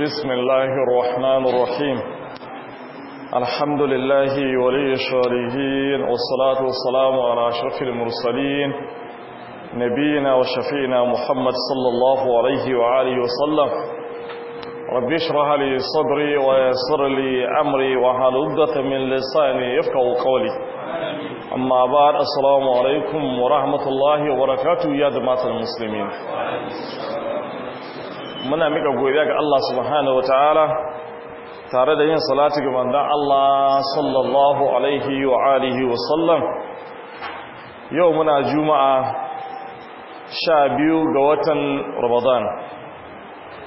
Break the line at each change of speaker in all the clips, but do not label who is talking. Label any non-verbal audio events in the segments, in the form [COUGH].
بسم الله الرحمن الرحيم الحمد لله ولي الشارعين والصلاة والسلام على أشرف المرسلين نبينا وشفينا محمد صلى الله عليه وآله وسلم رب اشرح لي صدري ويسر لي أمري وحال عقدة من لساني يفقه قولي أما بعد السلام عليكم ورحمة الله وبركاته يا دمات المسلمين muna mika godiya ga Allah subhanahu Ta'ala tare da yin salati ga manzon Allah sallallahu alaihi wa alihi wa sallam yau muna juma'a 12 ga watan Ramadan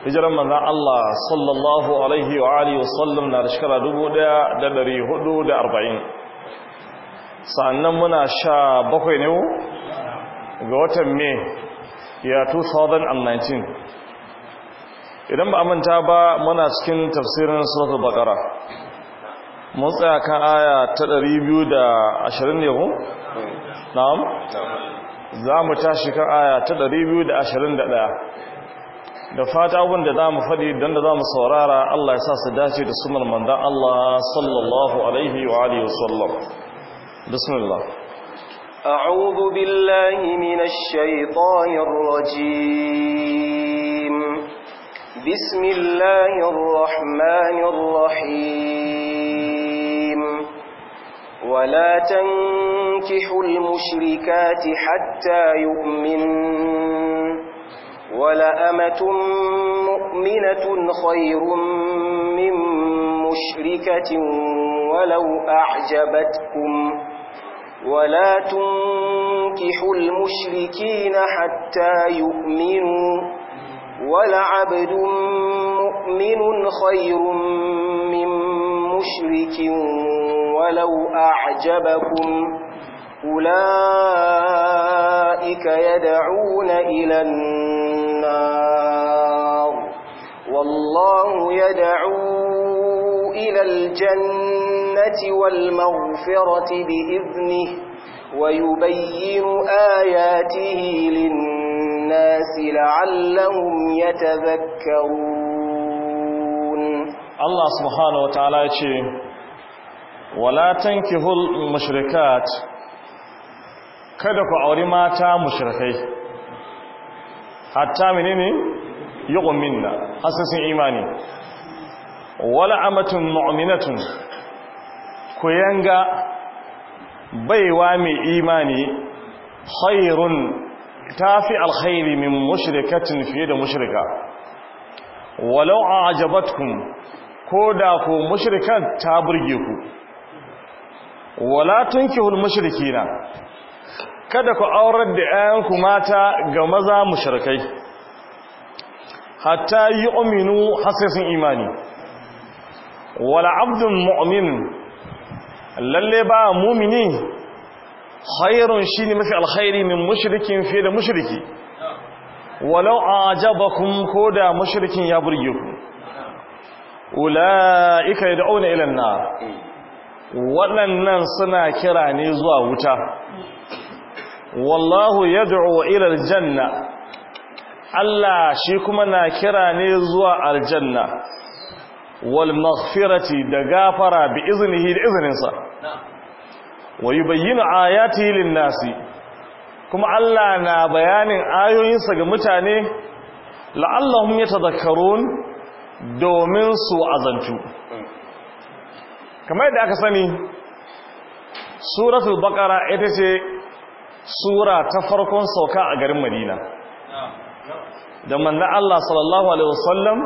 hijiran manzon Allah sallallahu alaihi wa alihi wa sallam na shekara 1440 sannan muna 17 ne ga watan Mai ya 2019 idan ba manta ba muna cikin tafsirin suratul baqara mun tsaya kan aya ta 220 ne ko na'am za mu tashi kan aya ta 221 da fata abin da za mu faɗi don da za mu saurara Allah ya sa su dace da sunan mandan Allah sallallahu alaihi wa alihi wasallam bismillah
أعوذ بالله من الشيطان الرجيم بسم الله الرحمن الرحيم ولا تنكحوا المشركات حتى يؤمن ولأمة مؤمنة خير من مشركة ولو أعجبتكم ولا تنكحوا المشركين حتى يؤمنوا ولعبد مؤمن خير من مشرك ولو أعجبكم أولئك يدعون إلى النار والله يدعو إلى الجنة والمغفرة بإذنه ويبين آياته للناس الناس لعلهم يتذكرون
الله سبحانه وتعالى يقول ولا تنكحوا المشركات kada ku auri mata mushrikai hatta menene yuqminna hasasin imani wala amatun mu'minatun ku yanga baiwa mai imani khairun ta fi alkhairi min mushrikatin fiye da mushrika walau ajabatkun ko da ku mushrikan ta burge ku wala tunkihul na. kada ku aurar da 'ya'yanku mata ga maza mushrikai hatta yi ominu hasasin imani wala abdun mu'amin. lalle ba mumini khairun ne mafi alkhairi min mushrikin fiye da mushriki walau ajabakum ko da mushrikin ya burge ku ula'ika yad'una ila ilan na waɗannan suna kira ne zuwa wuta wallahu yad'u ila ilar janna Allah shi kuma na kira ne zuwa aljanna wal maghfirati da gafara bi iznihi da izininsa wa yubayyinu ayatihi lin-nasi kuma Allah na bayanin ayoyinsa ga mutane la'allahum yatadhakkarun domin su azantu kamar yadda aka sani suratul baqara ita ce sura ta farkon sauka a garin Madina da manzon Allah sallallahu alaihi wasallam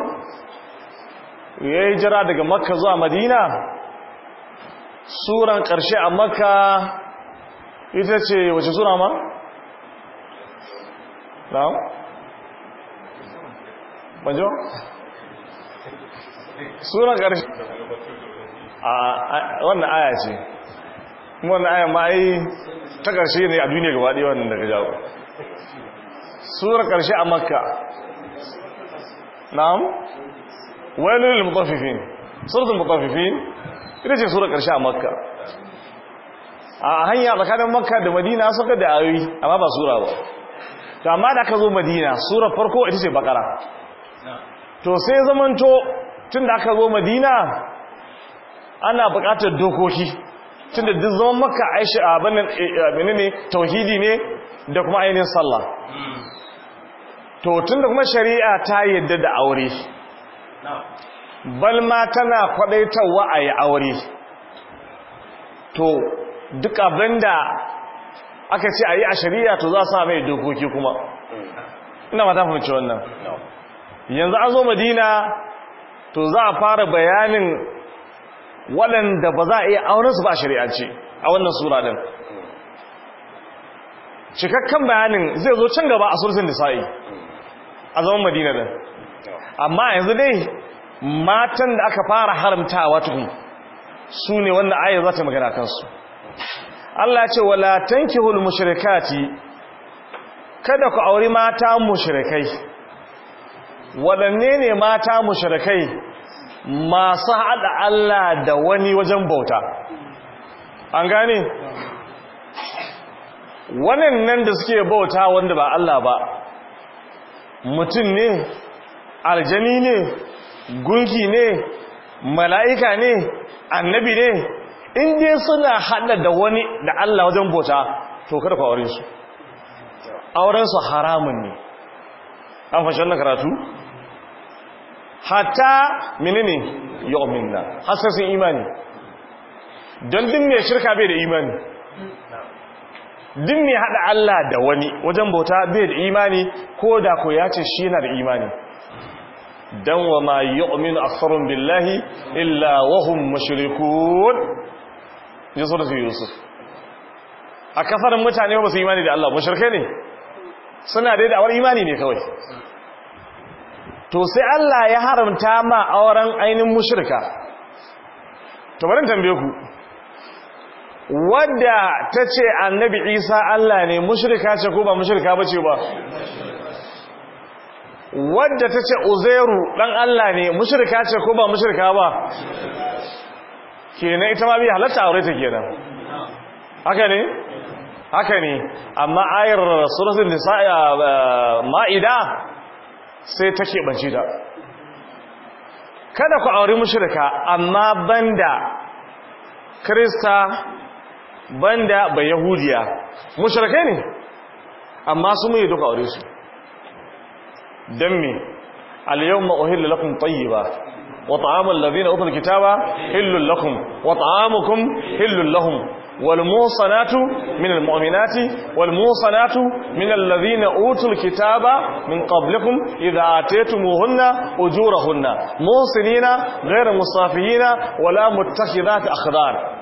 yayin jira daga Makka zuwa Madina suran ƙarshe a makka ita ce wace sura ma? na'am? banjo? suran ƙarshe a wannan aya ce wannan aya ma yi ta ƙarshe ne a duniya gaba ɗaya wannan daga jawo suran ƙarshe a makka na'am? wani lullu mutafifin suratun mutafifin ita ce sura ƙarshe a makka a hanya tsakanin makka da madina suka da ayoyi amma ba sura ba to amma da aka zo madina sura farko ita ce bakara to sai zamanto tun da aka zo madina ana buƙatar dokoki tun da duk zaman makka aishi a abinin eh, eh, ne tauhidi ne da kuma ainihin sallah hmm. to tun da kuma shari'a ta yadda da aure balma tana kwadaitarwa a yi aure to duk abinda aka ce a yi a shari'a to za sa mai dokoki kuma ina mata fahimci wannan yanzu an zo madina to za a fara bayanin waɗanda ba za a iya aurensu ba shari'a ce a wannan sura ɗin cikakken bayanin zai zo can gaba a sursun nisa'i a zaman madina ɗin amma yanzu dai matan da aka fara a watu su ne wanda ayyar za ta magana kansu Allah ce wala tankihul mushrikati kada ku auri mata mushrikai Waɗanne ne mata mushrikai masu haɗa Allah da wani wajen bauta an gane wannan nan da suke bauta wanda ba Allah ba mutum ne aljani ne gunki ne mala'ika ne annabi ne inda suna hada da wani da Allah wajen bota to karfa auren su auren su haramun ne an fashe wannan karatu hatta menene yu'minna hasasin imani don din ne shirka bai da imani din ne hada Allah da wani wajen bota bai da imani ko da ko ya ce shi yana da imani dan wa ma yu'minu aktharun billahi illa wa hum mushrikun ji suratu yusuf a kasarin mutane ba su imani da Allah mushrike ne suna dai da awar imani ne kawai to sai Allah ya haramta ma auren ainin mushrika to bari tambaye ku wadda ta ce annabi isa Allah ne mushrika ce ko ba mushrika ba ce ba wadda ta ce uzeru ɗan Allah ne mushirka ce ko ba mushirka ba kenan ita ma biya halatta aure ta kenan haka ne haka ne amma ayar suratul nisaa ma'ida sai ta banci da. kada ku auri mushirka amma banda krista banda bayahudiya yahudiya ne amma su mai duka aure su دمي اليوم أهل لكم طيبة وطعام الذين أوتوا الكتابة هل لكم وطعامكم هل لهم والموصنات من المؤمنات والموصنات من الذين أوتوا الكتاب من قبلكم إذا آتيتموهن أجورهن موصنين غير مصافيين ولا متخذات أخذار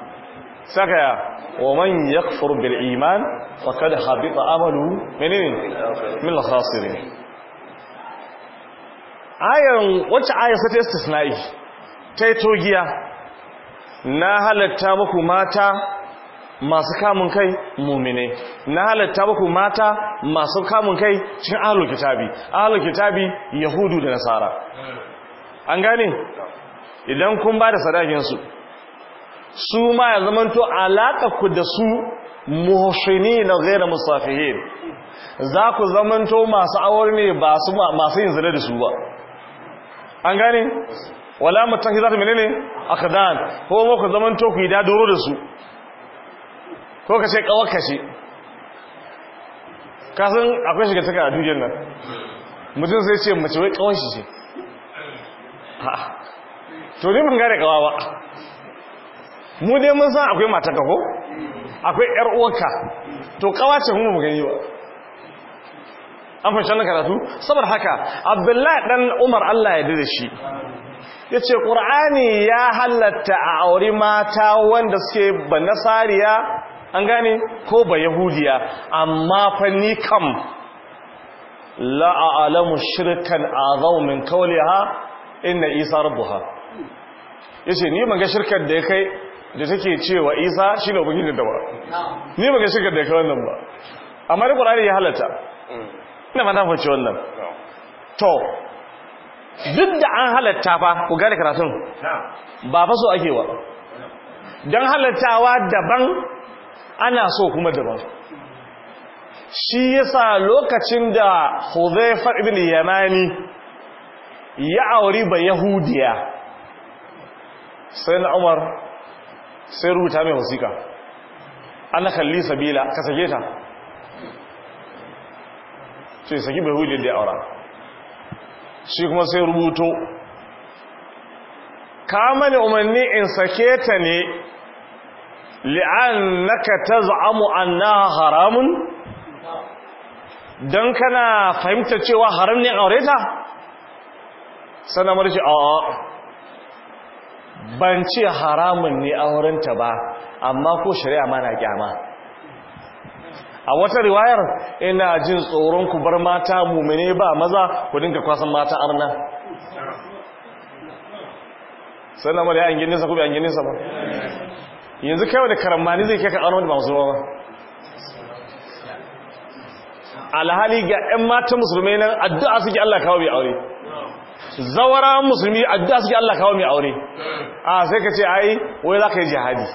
سكايا ومن يكفر بالإيمان فقد حبط عمله
من, الخاسرين
ayan wacce ayan sai ta istisna'i ta yi togiya na halatta muku mata masu kamun kai mumine na halatta muku mata masu kamun kai cikin ahlul kitabi ahlul kitabi yahudu da nasara an gane idan kun ba da sadakin su ma ya zamanto alaka ku da su muhshini na ghairu musafihin za ku zamanto masu awar ne ba su masu yin zina da su ba an gane wala mutaki za ta menene akadan ko mu ku zaman to ku yi da su ko ka ce kawar ka ce kasan akwai shiga taka a duniyar nan mutum zai ce mace wai kawar shi ce to ne mun gane kawawa mu dai mun san akwai mataka ko akwai yar uwarka to kawace mun mu gani ba an fahimci wannan karatu saboda haka abdullahi dan umar Allah ya dade shi ya ce ƙura'ani ya halatta a auri mata wanda suke nasariya an gane ko ba yahudiya amma fa ni kam la'alamu a'lamu shirkan azaw min ha inna isa ya yace ni maga shirkan da ya kai da take cewa isa shi ne ubangiji da ba ni maga shirkan da ya kai wannan ba amma da ƙura'ani ya halatta mm. ina ma zan faci wannan to duk da an halatta fa ku gane karatun ba fa so ake wa don halattawa daban ana so kuma daban shi yasa lokacin da Hudhaifa ibn Yamani ya auri ba Yahudiya sai Umar sai rubuta mai wasiƙa ana kalli sabila ka sake ta sai saki bai hujjar da aura shi kuma sai rubuto ka mani umarni in sake ta ne li'annaka taz'amu annaha haramun don kana fahimta cewa haram ne aure ta sanamar shi a'a ban ce haramun ne aurenta ba amma ko shari'a mana kyama a wata riwayar ina jin tsoron ku bar mata mumine ba maza ku dinga kwasan mata arna sannan mara ya angin nisa ku bi angin nisa ba yanzu kai wani karamani zai kai ka arna wanda ba musulma ba alhali ga 'yan matan musulmai nan addu'a suke Allah kawo mai aure zawara musulmi addu'a suke Allah kawo mai aure a sai ka ce ai wai za ka yi jihadi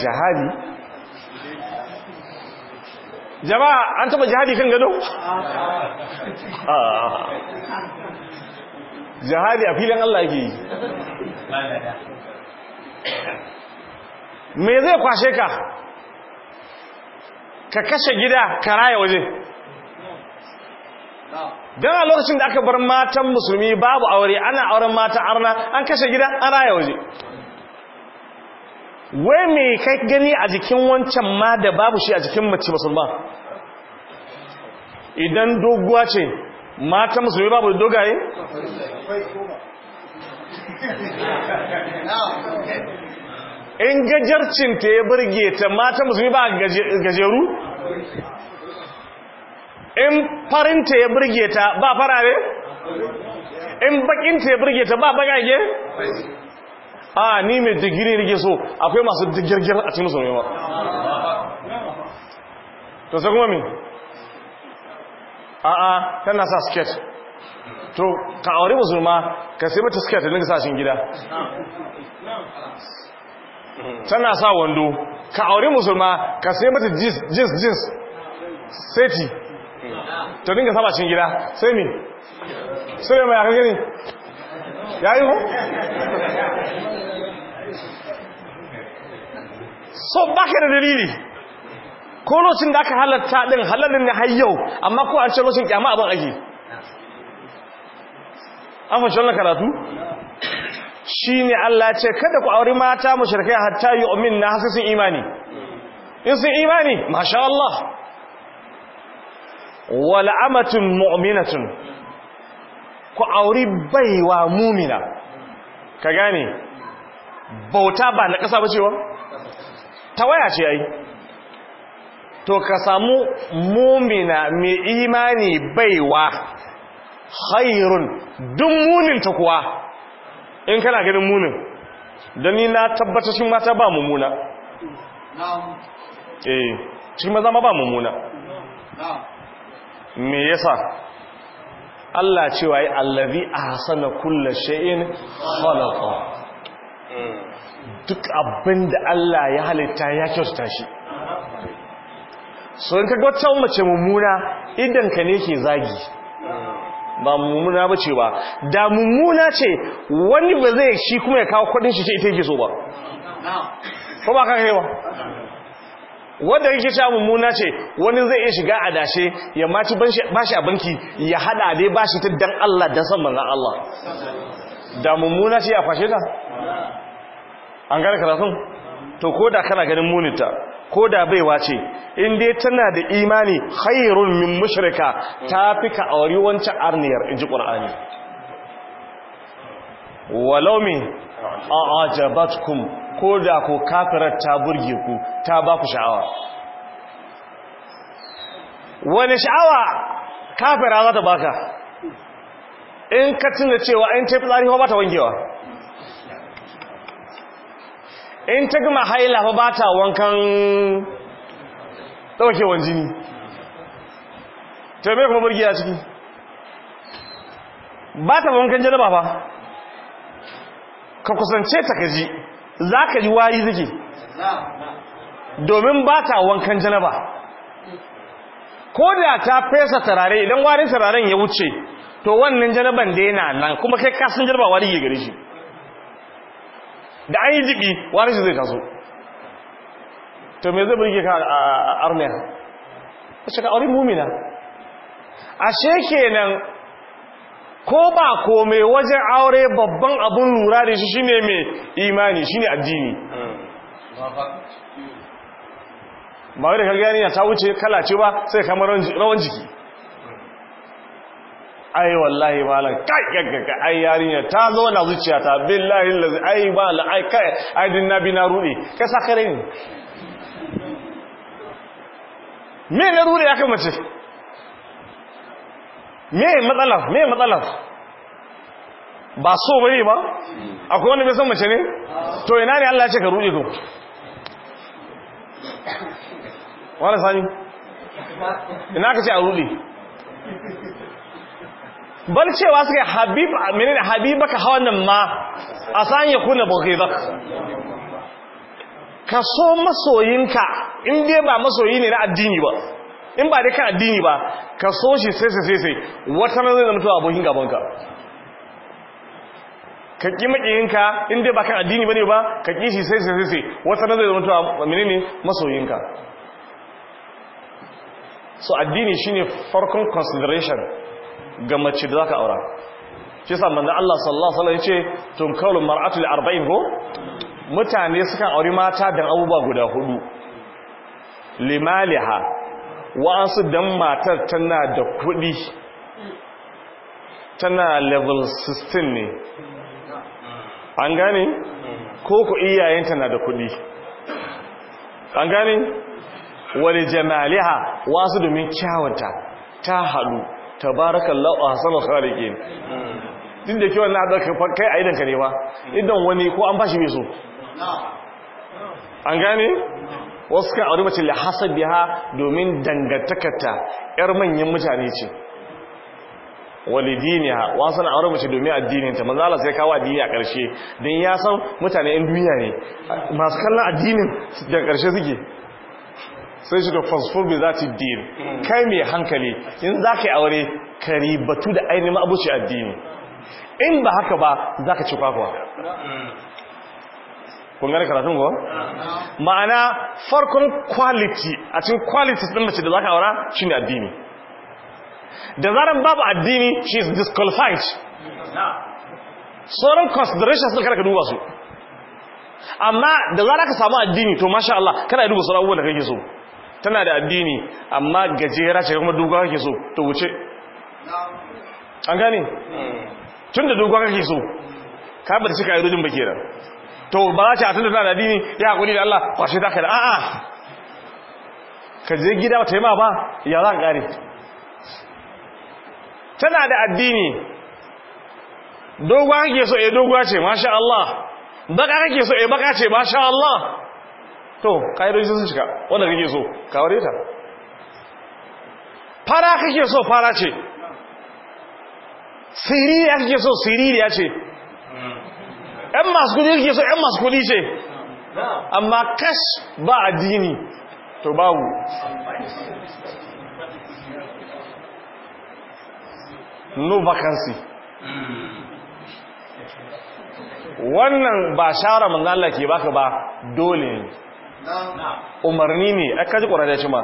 jihadi jama'a an taba jihadi kan gado ah. jihadi a filin Allah yake yi me zai kwashe ka ka kashe gida ka raya waje don a lokacin da aka bar matan musulmi babu aure ana auren mata arna an kashe gida an raya waje wai me kai gani a jikin wancan ma da babu shi a jikin mace musulman idan doguwa ce mata musulmi babu dogaye in gajarcinta ya burge ta mata musulmi ba gajeru in farinta ya burge ta ba farare in bakinta ya burge ta ba bagage a ni mai digiri nake so akwai masu digirgir a cikin musulmi ba to sai kuma mi a a tana sa skirt to ka aure musulma ka sai mata skirt ne sa shin gida tana sa wando ka aure musulma ka sai mata jeans jeans jeans seti to dinga saba gida sai mi sai mai ya gani ya yi ho? so ba ka da dalili ko lokacin da aka halatta ɗin halalin na hayyau amma ko an ce lokacin kyama abin ake an fashe wannan karatu shi ne Allah ce kada ku auri mata mashirkai hatta yi omin na hasu sun imani in sun imani masha Allah wal'amatun mu'minatun ku auri baiwa mumina ka gane bauta ba na ƙasa ba cewa waya ce ai to ka samu mumina mai imani baiwa khairun duk muninta kuwa in kana ganin munin Dan ni na tabbata shi mata ba muna, eh shi maza ma ba na'am me yasa Allah ce wa yi a hasana kulla sha'in halakwa duk abin da Allah ya halitta ya kyautata shi so in kaga wata mace mummuna idan ka ne ke zagi ba mummuna ba ce ba da mummuna ce wani ba zai shi kuma ya kawo kwadin shi ce ita yake so ba ko ba ka kai ba wanda yake sha mummuna ce wani zai iya shiga a dashe ya mace bashi a banki ya hada dai bashi ta dan Allah dan san manzan Allah da mummuna ce ya fashe ta an gane karatun to ko da kana ganin munita ko da baiwa ce in dai tana da imani khairun min mushrika ta fi ka auri wancan arniyar in ji qur'ani walau min ajabatkum ko da ko kafirar ta burge ku ta ba ku sha'awa wani sha'awa kafira za ta baka in ka tuna cewa in ta fi tsari ba ta wangewa in ta gama haila fa ba ta wankan ɗaukewan jini ta mai kuma a ciki ba ta wankan jini ba ba ka kusance ta kaji za ka ji wari ziki domin ba ta wankan janaba ko da ta fesa tarare idan warin tararen ya wuce to wannan janaban da yana nan kuma kai kasan janaba wari ya gari shi da an yi jibi warin shi zai taso to me zai burge ka a armiya ka aure mumina ashe kenan ko ba kome wajen aure babban abun lura da shi shine mai imani shine addini ba wai da gani ya ta wuce kala ce ba sai kamar rawan jiki ai wallahi malam kai gaggaga ai yarinya ta zo na zuciya ta billahi lazi ai ba la ai kai ai din nabi na rude kai sakare ne me na rude aka mace me matsalar me matsalar ba so bane ba akwai wani bai san mace ne to ina ne Allah ya ce ka ruɗe to wani sani ina ka ce a ruɗe bal cewa suka habib menene habibaka hawan nan ma san ya kuna ba ka so masoyinka in ba masoyi ne na addini ba in ba dai kan addini ba ka so shi sai sai sai wata nan zai mutuwa abokin gabanka ka ƙi maƙiyinka in dai ba kan addini ba ne ba ka ƙi shi sai sai sai wata nan zai mini ah, ne masoyinka so addini shine farkon consideration ga mace da za ka aura ce yasa da Allah sallallahu alaihi ce yace tunkalu mar'atu li mutane sukan auri mata don abubuwa guda hudu limaliha wa'ansu don matar tana da kuɗi tana level 16 ne an gane ko ku iyayenta na da kuɗi an gane wani jamaliha wasu domin kyawunta ta haɗu tabarakallahu a hasanar khalikin din da kyawun na kai a idanka ne ba idan wani ko an bashi mai so an gane wasu kan auri mace la ha domin dangantakarta yar manyan mutane ce Walidiniya wasu na auri mace domin addininta manzo sai kawo addini a ƙarshe don ya san mutane yan duniya ne masu kallon addinin da ƙarshe suke sai shi da fasfur za ta din kai mai hankali in za ka yi aure kari batu da ainihin abuci addini in ba haka ba za ka ci kwakwa mm. Kungare karatun ko ma'ana farkon quality a cikin quality din mace da zaka aura shine addini da zaran babu addini she is disqualified sauran consideration sun kada ka duba su amma da zaran ka samu addini to masha Allah kana duba sauran abubuwan da kake so tana da addini amma gajera ce kuma dogon kake so to wuce an gane hmm. tun da dogon kake so ka bar shi ka yi rujin bakiran to ba za ta tunda tana da dini ya haƙuri da Allah kwashe ta kai a'a ka je gida ba ta yi ma ba ya za ka tana da addini dogon kake so yi eh, dogon ce masha Allah baka kake so yi eh, baka ce masha Allah to ka yi sun cika wanda kake so ka wari ta fara kake so fara ce siririya ke so siriri ya ce hmm. ‘yan masu kudi ke so ‘yan masu kudi ce amma kash ba addini to babu no vacancy wannan ba shara manzala ke baka ba dole ne umarni ne aka ji ƙwararra shi ma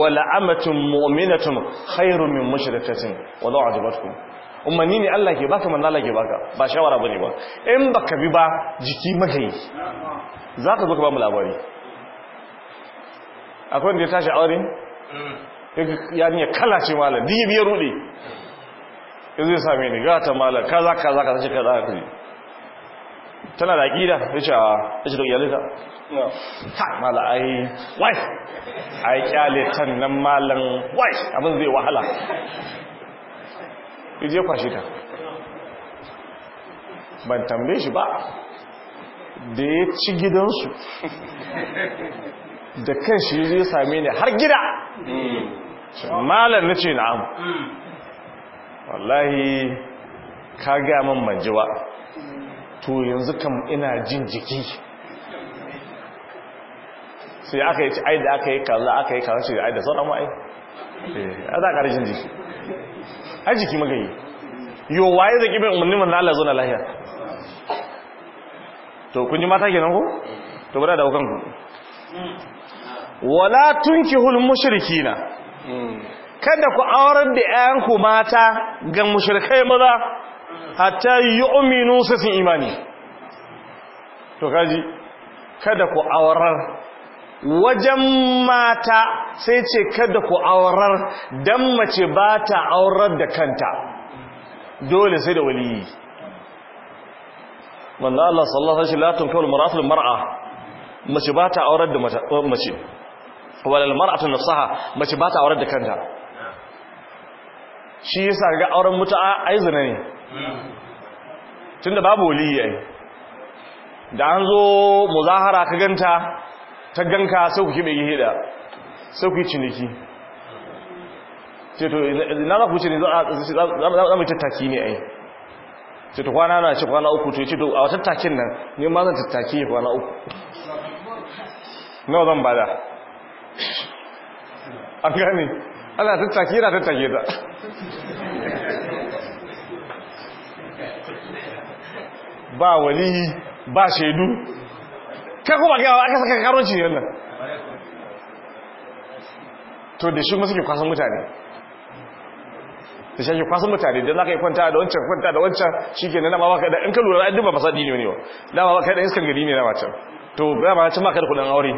wala amatun mu'minatun khairun min mushrikatin wa za'ajibatkum umarni ne Allah ke baka manna Allah ke baka ba shawara bane ba in baka bi ba jiki maka Za zaka zo ka ba mu labari akwai wanda ya tashi aure mm. ya ne kala ce malam diya biyar rudi ya zai same ni gata malam kaza kaza ka ce kaza ka tana da aƙida ya ce a ya ce da iyalita ta mala ai wife ai kyale tan nan malam wife abin zai wahala ije kwashi ta ban tambaye shi ba da ya ci gidansu da kan shi zai same ni har gida malar na ce na'am wallahi ka gaya man to yanzu kam ina jin jiki sai aka yi ci aida da aka yi kaza aka yi kaza shi da da sauran ma'ai eh, a za a ƙarshen jiki ai jiki magayi yo waye zai kibin umarnin manzo Allah zauna lahiya to kun ji mata kenan ko to bada da hukan ku wala tunkihul mushrikina kada ku aurar da ku mata ga mushrikai maza hatta yu'minu su imani to kaji kada ku aurar wajen mata sai ce kada ku aurar dan mace ba ta aurar da kanta dole sai da waliyi wanda Allah sallallahu alaihi wasallam la kawai maratul mar'a mace ba ta aurar da uh, mace walal mar'atu nafsaha mace ba ta aurar da kanta shi yasa ga auren mutu'a ai zina ne tunda babu waliyi ai da an zo muzahara ka ganta ta ganka sau ku kibe gihida sau ku yi ciniki ceto na za ku ce ne za mu tattaki ne a yi ceto kwana na ce kwana uku ce ceto a tattakin nan ne ma zan tattaki kwana uku nawa zan bada an gane ana tattaki yana tattake ta ba wali ba shaidu kai kuma ga aka saka karuwanci ne wannan to da shi kuma suke kwasan mutane da shi kwasan mutane da za ka yi kwanta da wancan kwanta da wancan shi ke na mawa baka da in ka lura da dubba fasadi ne ne dama baka da iskan gari ne na wacan to dama ma baka da kudin aure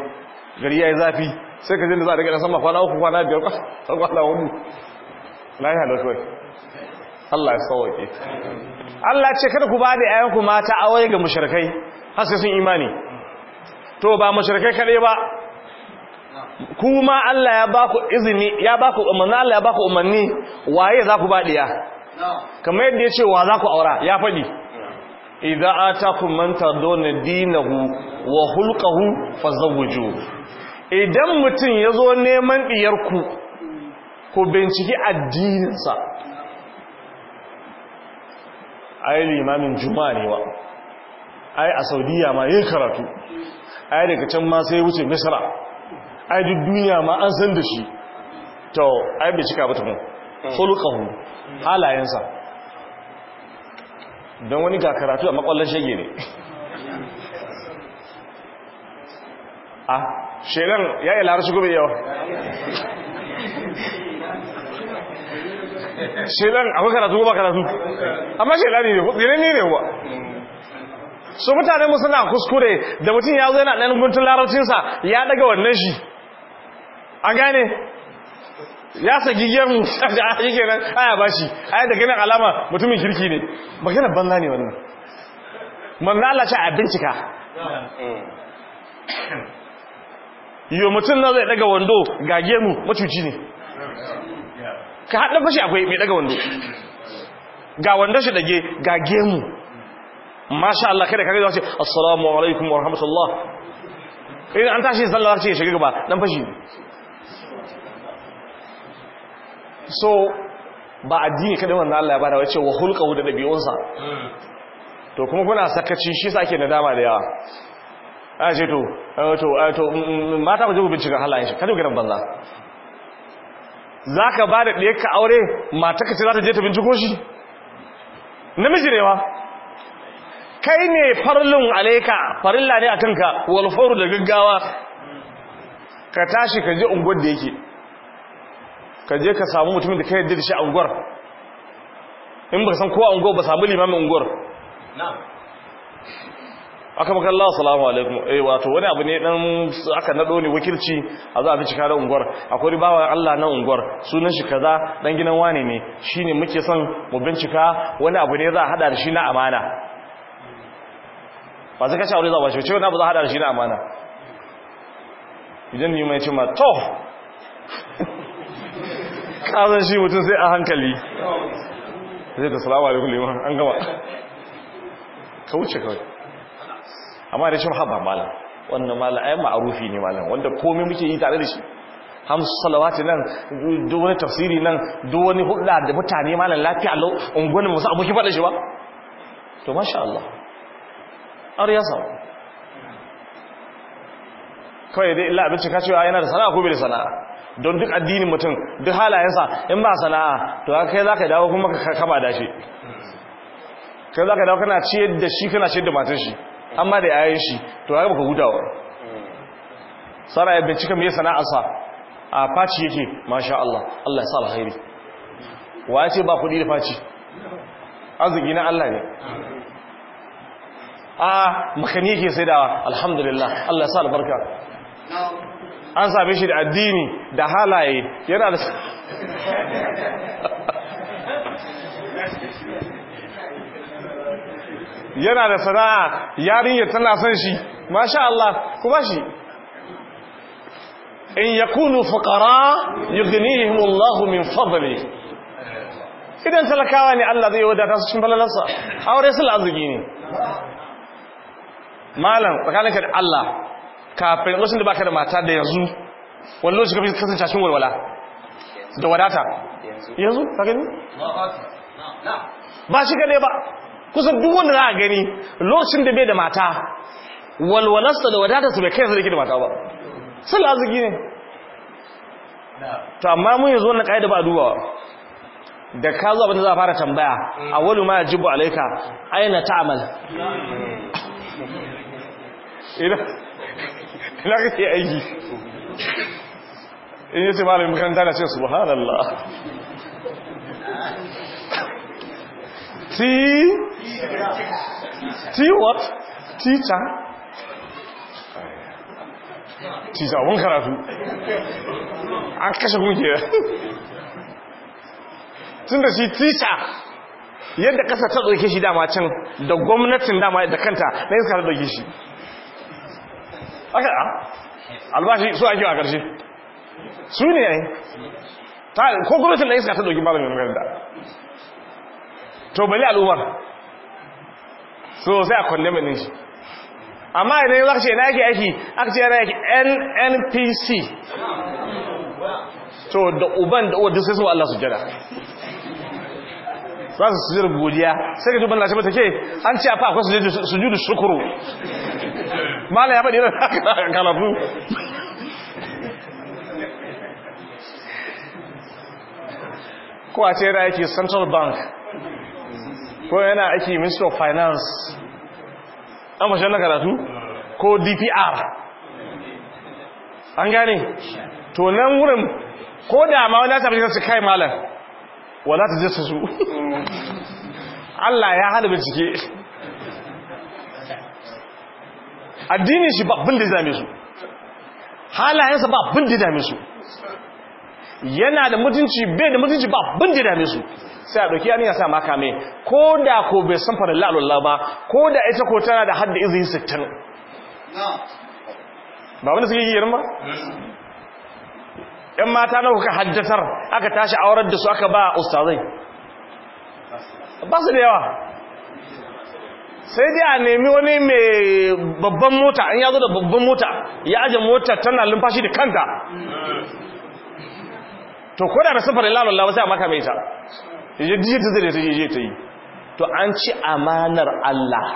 gari ya yi zafi sai ka zai za a daga sama kwana uku kwana biyar kwana hudu na yi halittar Allah ya sauwaƙe Allah ce kada ku ba da 'ya'yanku mata aure ga mushrikai har sai sun imani to ba mushrikai kare ba kuma Allah ya baku izini ya baku umarni Allah ya baku umarni waye za ku baɗiya kamar yadda ya ce wa za ku aura ya faɗi idza atakum man tardawna dinahu wa hulqahu fazawwiju idan mutum yazo neman diyar ku ku binciki addininsa ai limamin juma'a ne wa ai a saudiya ma yin karatu ai daga can ma sai wuce misra ai duk duniya ma an san da shi to ai bai cika ba ta mu khuluquhu halayensa don wani ga karatu a makwallon shege ne [LAUGHS] a shegan ya yi larashi gobe yawa shegan akwai karatu ko ba karatu amma shegan ne ne ne ne wa so mutane mu suna kuskure da mutum ya zai na ɗan guntun larabcinsa ya daga wannan shi an gane ya saki gemu da [LAUGHS] ake kenan aya shi aya da ganin alama mutumin kirki ne magana banza ne wannan manzo lalace a bincika yo mutum na zai daga wando ga gemu macuci ne ka haɗa fashi akwai mai daga wando ga wando shi dage ga gemu masha Allah kada ka gaza ce assalamu alaikum wa rahmatullah in an tashi sallah ce shiga gaba dan fashi so ba addini kada wannan Allah ya bada wace wa hulqahu da dabi'unsa to kuma kuna sakaci shi sake nadama da yawa a ce to to to mm, mm, mm, mata ku je ku bincika halayen shi kada ku garan banza zaka ba da ka aure mata ka ce za ta je ta binciko shi namiji ne wa kai ne farlun alaika farilla ne a kanka walfaru da gaggawa ka tashi ka je unguwar da yake ka je ka samu mutumin da ka yadda da a unguwar in ba san kowa unguwar ba samu limamin unguwar aka maka Allah salamu alaikum eh wato wani abu ne dan aka nado ne wakilci a za a bincika da unguwar akwai bawa Allah na unguwar sunan shi kaza dan gidan wane ne shine muke son mu bincika wani abu ne za a hada da shi na amana ba zai kashe aure za ba shi ce na ba za hada shi na amana idan ni mai ce ma to [LAUGHS] kazan shi mutum sai a hankali zai ta da alaikum liman an gama ka wuce kawai amma da shi haba malam wannan malam a rufi ne malam wanda komai muke yi tare da shi hamsu salawati nan duk wani tafsiri nan duk wani hulɗa da mutane malam lafiya lau unguwannin musu abokin ki faɗa shi ba to masha Allah aure ya kawai dai illa abinci ka yana da sana'a ko bai da sana'a don duk addinin mutum duk halayensa in ba sana'a to kai za ka dawo kuma ka kama da shi kai za ka dawo kana ciyar da shi kana ciyar da matan shi amma da yayin shi to ya baka hudawa sana ya bincika me sana'arsa a faci yake masha Allah Allah ya sa alkhairi wa ya ce ba kuɗi da faci arziki na Allah ne a ah, makani yake sai da alhamdulillah Allah ya sa albarka an same shi da addini da halaye yana da yana da sana'a yarinyar tana son shi masha Allah ku shi in yakunu fuqara yughnihimullahu min fadli idan talakawa ne Allah zai wadata su cikin falalarsa aure sun arziki ne malam tsakaninka da Allah kafin lokacin da baka da mata da yanzu wani lokacin kafin kasance cikin walwala da wadata yanzu ka gani ba shi gane ba kusan duk wanda za a gani lokacin da bai da mata walwalarsa da su bai kai yanzu da da mata ba sun laziki ne to amma mun yanzu na ƙa'ida ba dubawa da ka zo wanda za a fara tambaya a wani ma ya jibo alaika aina amal ina kake aiki in yace malamin makaranta na ce subhanallah ti ti what teacher teacher abun karatu an kashe kungiya tun da shi teacher yadda kasa ta ɗauke shi dama can da gwamnatin dama da kanta na yin suka ɗauke shi aka a albashi su ake a ƙarshe su ne yi ko gwamnatin na iska ta doki malamin makaranta to bali al'ummar so sai a kwallon mai shi amma idan yi ka ce na yake aiki aka ce yana yake nnpc to da uban da uwa duk sai su Allah su jada za su sujjar godiya sai ka duba na mata ke an ce fa akwai sujudu shukuru mala ya faɗi kalafu
ko a ce yana aiki central bank
ko yana aiki ministry of finance an fashe na karatu ko dpr an gane to nan wurin ko da ma wani ya tafi su kai malam wala ta je su su Allah ya hana bincike addinin shi babin da zame su halayensa babin da dame su yana da mutunci bai da mutunci babin da dame su sai a ɗauki yanayi sa maka mai ko da ko bai san farin ba ko da ita ko tana da hadda izini sittin ba wani suke yi ba ɗan mata na kuka haddatar aka tashi aurar da su aka ba ustazai ba su da yawa sai dai a nemi wani mai babban mota an yazo da babban mota ya aje mota tana lumfashi da kanta to ko da safar lalon lawa sai a maka mai ta je je ta zai ta je ta yi to an ci amanar Allah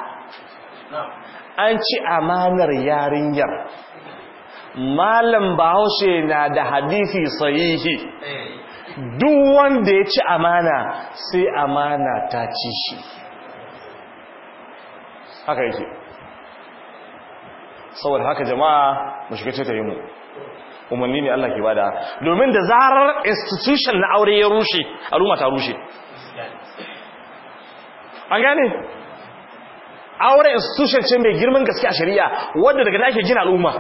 an ci amanar yarinyar malam bahaushe na da hadisi sahihi duk wanda ya ci amana sai amana ta ci shi haka yake saboda haka jama'a mu shiga ta yi mu umarni ne Allah ke bada domin da zarar institution na aure ya rushe al'umma ta rushe an gane aure institution ce mai girman gaske a shari'a wadda daga da ake gina al'umma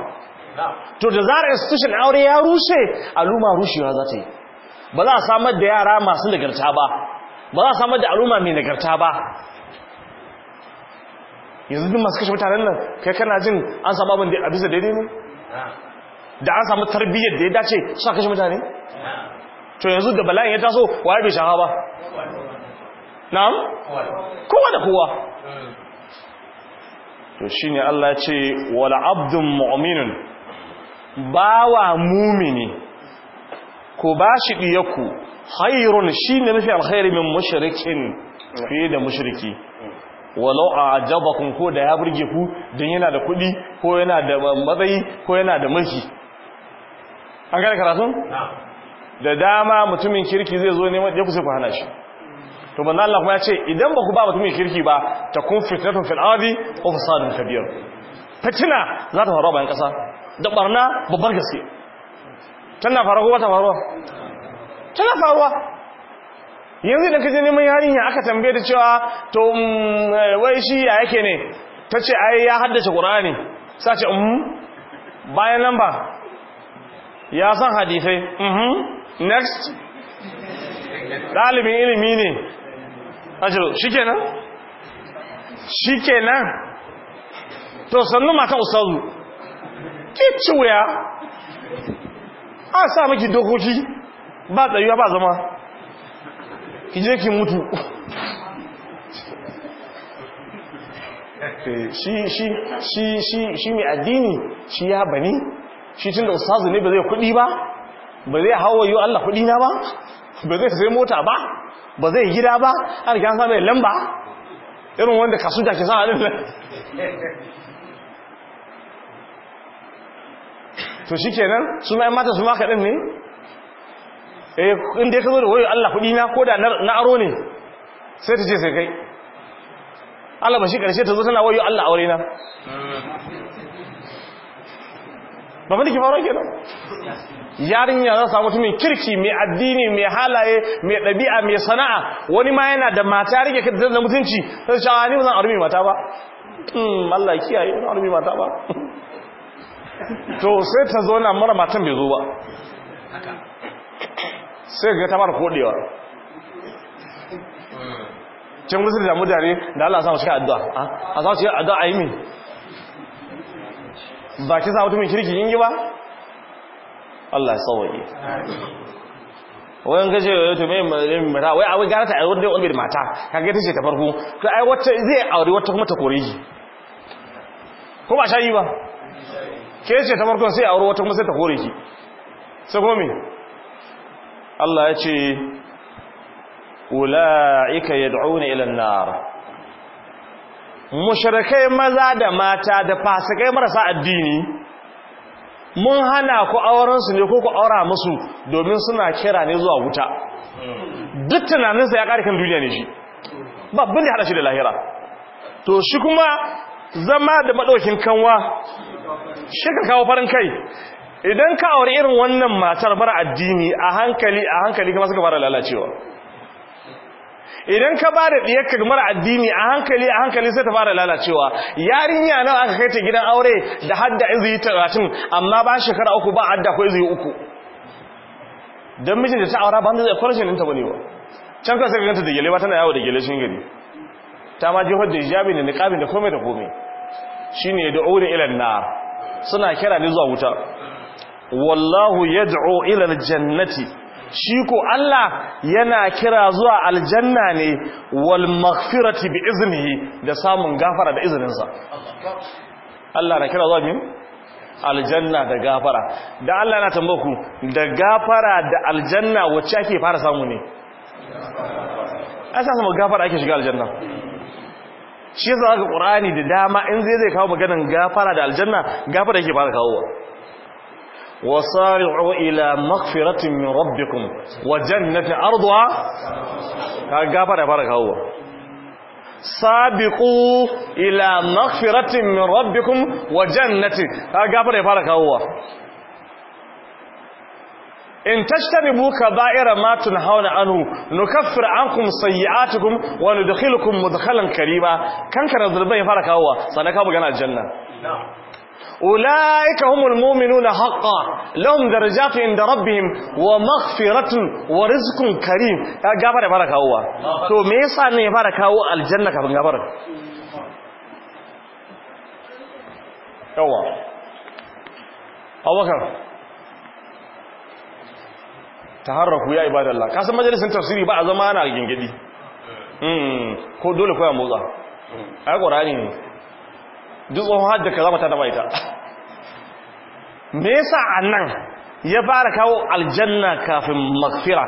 to da zarar institution aure ya rushe al'umma rushewa za ta yi ba za a samar da yara masu nagarta ba ba za a samar da al'umma mai nagarta ba yanzu bin masu kashe mutanen nan kai kana jin an samu abin da a bisa daidai ne da an samu tarbiyyar da ya dace suna kashe mutane to yanzu da bala'in ya taso waye bai shaha ba na'am kowa da kowa to shine Allah ya ce wala abdun mu'minun bawa mumini ku ba shi ɗiyaku hairun shi ne mafi alkhairi min mashirikin fiye da mashiriki walau a ajabakun ko da ya burge ku don yana da kuɗi ko yana da matsayi ko yana da mulki an gane karatun? da dama mutumin kirki zai zo neman ɗiyaku sai ku hana shi to manzo Allah kuma ya ce idan ba ku ba mutumin kirki ba ta kun fitnatun fil'adi ko wa fasadun Ta fitina za ta faru bayan kasa da barna babbar gaske tana faruwa ko ta faruwa tana faruwa yanzu da kaje neman yarinya aka tambaye da cewa to mm, wai shi ya yake ne tace ai ya haddace qur'ani sace um mm-hmm. bayan lamba ya san hadisai mhm next dalibin ilimi ne ajiro shikenan shikenan to sannu mata usazu kici wuya a sa maki dokoki ba tsayuwa ba zama ki je ki mutu eh, shi mai addini shi ya bani shi tun da ustazu ne ba zai kudi ba ba zai hawa yi Allah kudi na ba ba zai sai mota ba ba zai gida ba an kyan sami lamba irin wanda kasu da ke sa hannun to shi kenan su ma'yan mata su ma kaɗin ne eh inda ya ka da wayo Allah kuɗi na ko da na aro ne sai ta ce sai kai Allah ba shi ƙarshe ta zo tana wayo Allah aure na ba da ke faruwa ke nan yarinya za samu mutumin kirki mai addini mai halaye mai ɗabi'a mai sana'a wani ma yana da mata rike ka da mutunci sai shawani a ba zan aure mai mata ba hmm, Allah kiyaye ba aure mai mata ba [LAUGHS] to sai ta zo na mara matan bai zo ba sai ga ta mara kodewa can musu da damu dare da Allah samu shi addu'a a samu shi addu'a a yi min ba ki samu mutumin kirki yin yi ba Allah yi wayan gaje ya eh, to mai mata wai wai gara ta aure da wani mata ka ta ce ta farko to ai wacce zai aure wata kuma ta kore yi? ko ba sha yi ba ke ce ta farkon sai a wata kuma sai ta kore ki sai Allah ya ce ula'ika yad'una ila an-nar mushrikai maza da mata da fasikai marasa addini mun hana ku auren su ne ko ku aura musu domin suna kira ne zuwa wuta duk tunaninsa ya kan duniya ne shi babban da hada shi da lahira to shi kuma zama da madaukin kanwa shi ka kawo farin kai idan ka aure irin wannan matar mara addini a hankali a hankali kuma suka fara lalacewa idan ka ba da ka mara addini a hankali a hankali sai ta fara lalacewa yarinya nan aka kai ta gidan aure da hadda yi talatin amma ba shekara uku ba hadda ko yi uku don mijin da ta aura ba zai kwalashin ɗinta ta ba can kan sai ka ganta da gele ba tana yawo da gele shi gari ta ma jihar da hijabi da niƙabin da komai da komai shine da'una ila nar suna kira ne zuwa wuta wallahu yad'u ila aljannati shi ko Allah yana kira zuwa aljanna ne wal maghfirati bi iznihi da samun gafara da izininsa Allah na kira zuwa min aljanna da gafara da Allah na tambaku da gafara da aljanna wacce ake fara samu ne sa samu gafara ake shiga aljanna shi yasa aka qur'ani da dama in zai zai kawo maganan gafara da aljanna gafara yake fara kawo wasari'u ila maghfiratin min rabbikum wa jannatin arduwa? ka gafara fara kawo sabiqu ila maghfiratin min rabbikum wa jannatin ka gafara fara kawo in tashtaribu kaba'ira ma tunhauna anhu nukaffir ankum sayyi'atukum wa nudkhilukum mudkhalan karima kankara zulbai fara kawowa sanaka magana aljanna ulaika humul mu'minuna haqqan lahum darajatun inda rabbihim wa maghfiratun wa rizqun karim ka gafara fara kawowa to me yasa ne fara kawo aljanna kafin gabar. yawa abubakar taharraku ya ibadallah Allah kasan majalisun tafsiri ba a zama ana gingidi hmm, ko dole koya motsa ai qur'ani ne duk tsohon hadda ka zama ta da baita me a nan ya fara kawo aljanna kafin makfira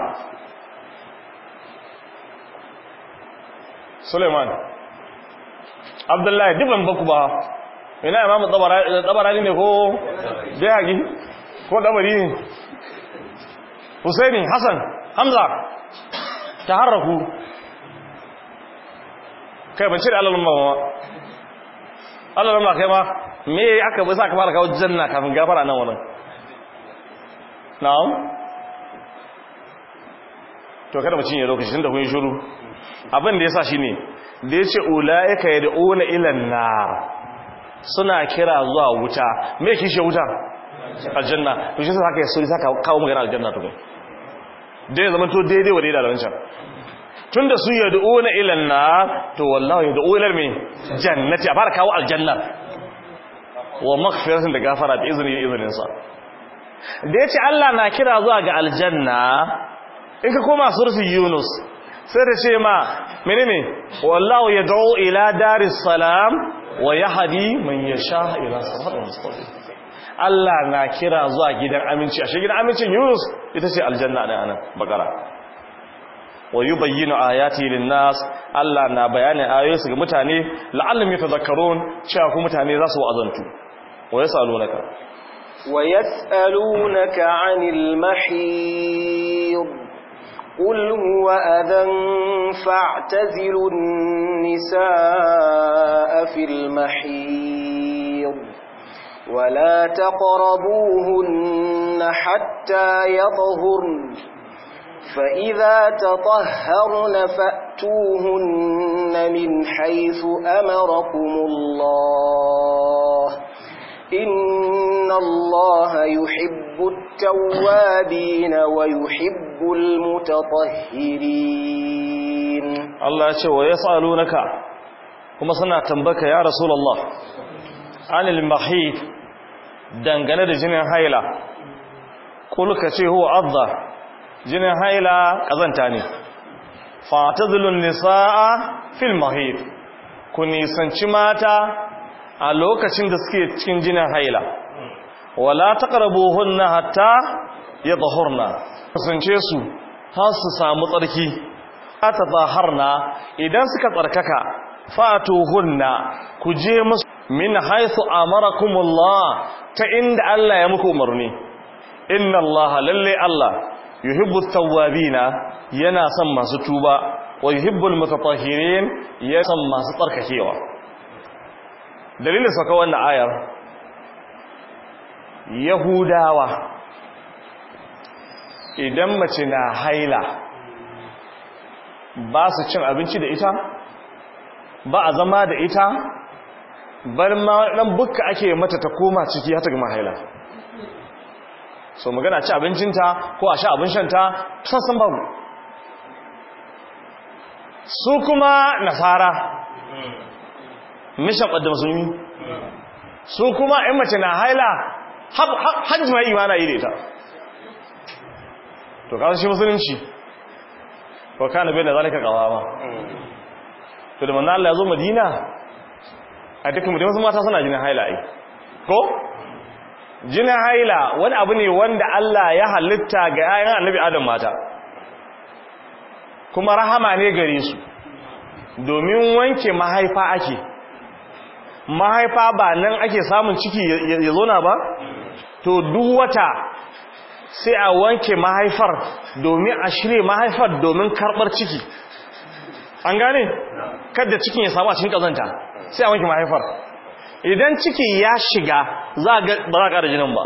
Suleiman Abdullahi dubban baku ba ina mamu tsabarari ne ko jihagi ko dabari ne Hussaini Hassan Hamza ta taharraku kai ban cire alalun mawa alalun ma kai ma me aka bisa sa ka fara kawo janna kafin gafara nan wani? na'am to kada mutum ya lokaci da kun yi shuru abin da ya sa shi ne da ya yace ulaika ona ilan na suna kira zuwa wuta me kishe wuta aljanna to shi saka suri sa ka kawo magana aljanna to da ya zama to daidai wa daidai da wancan tun da su ya da'o na ilan na to wallahu ya da'o mai jannati a fara kawo aljannar wa makfiratin da gafara da izini izininsa da ya ce Allah na kira zuwa ga aljanna in ka koma surfi yunus sai da ce ma menene wallahu ya ila daris salam wa yahdi man yasha ila siratal mustaqim Allah na kira zuwa gidan aminci ashe gidan amincin Yunus ita ce aljanna ne anan bakara wa yubayyinu ayati lin-nas Allah na bayani ayoyinsa ga mutane la'allam yatazakkarun cewa ku mutane za su wa'azantu wa yasalunaka
wa yas'alunaka 'anil mahiyy قل هو أذى فاعتزلوا النساء في المحيط ولا تقربوهن حتى يطهرن فإذا تطهرن فأتوهن من حيث أمركم الله إن الله يحب التوابين ويحب المتطهرين
الله يسألونك كما هم صنع تنبك يا رسول الله anil mahid dangane da jinin haila kul ka ce huwa adda jinin haila kazanta ne fatadulun nisaa fil mahid ku nisanci mata a lokacin da suke cikin jinin haila wala taqrabuhunna hatta yadhhurna kusance su har su samu tsarki atataharna idan suka tsarkaka hunna ku je musu min mara amarakumullah ta inda Allah ya muku umarni inna Allah lalle Allah yuhibbu tawwabina yana son masu tuba wa yuhibbul mutatahhirin yana son masu tsarkakewa dalilin saka wannan ayar yahudawa idan mace na haila ba su cin abinci da ita ba a zama da ita bar ma dan bukka ake mata ta koma ciki har ta gama haila so magana ci abincinta ko a sha abin shanta sassan babu su kuma nasara mishan ɓadda musulmi su kuma ‘yan mace na haila hajji mai imana yi da ita to kasu shi musulunci ko kana bai da zalika ƙawa to da manna Allah ya zo madina a duk mutum wasu mata suna jinin haila ai ko jinin haila wani abu ne wanda Allah ya halitta ga ayyan annabi adam mata kuma rahama ne gare su domin wanke mahaifa ake mahaifa ba nan ake samun ciki ya zona ba to duk wata sai a wanke mahaifar domin a shirye mahaifar domin karbar ciki an gane kada cikin ya samu a cikin kazanta sai a wanke mahaifar idan ciki ya shiga za ba za ka da jinin ba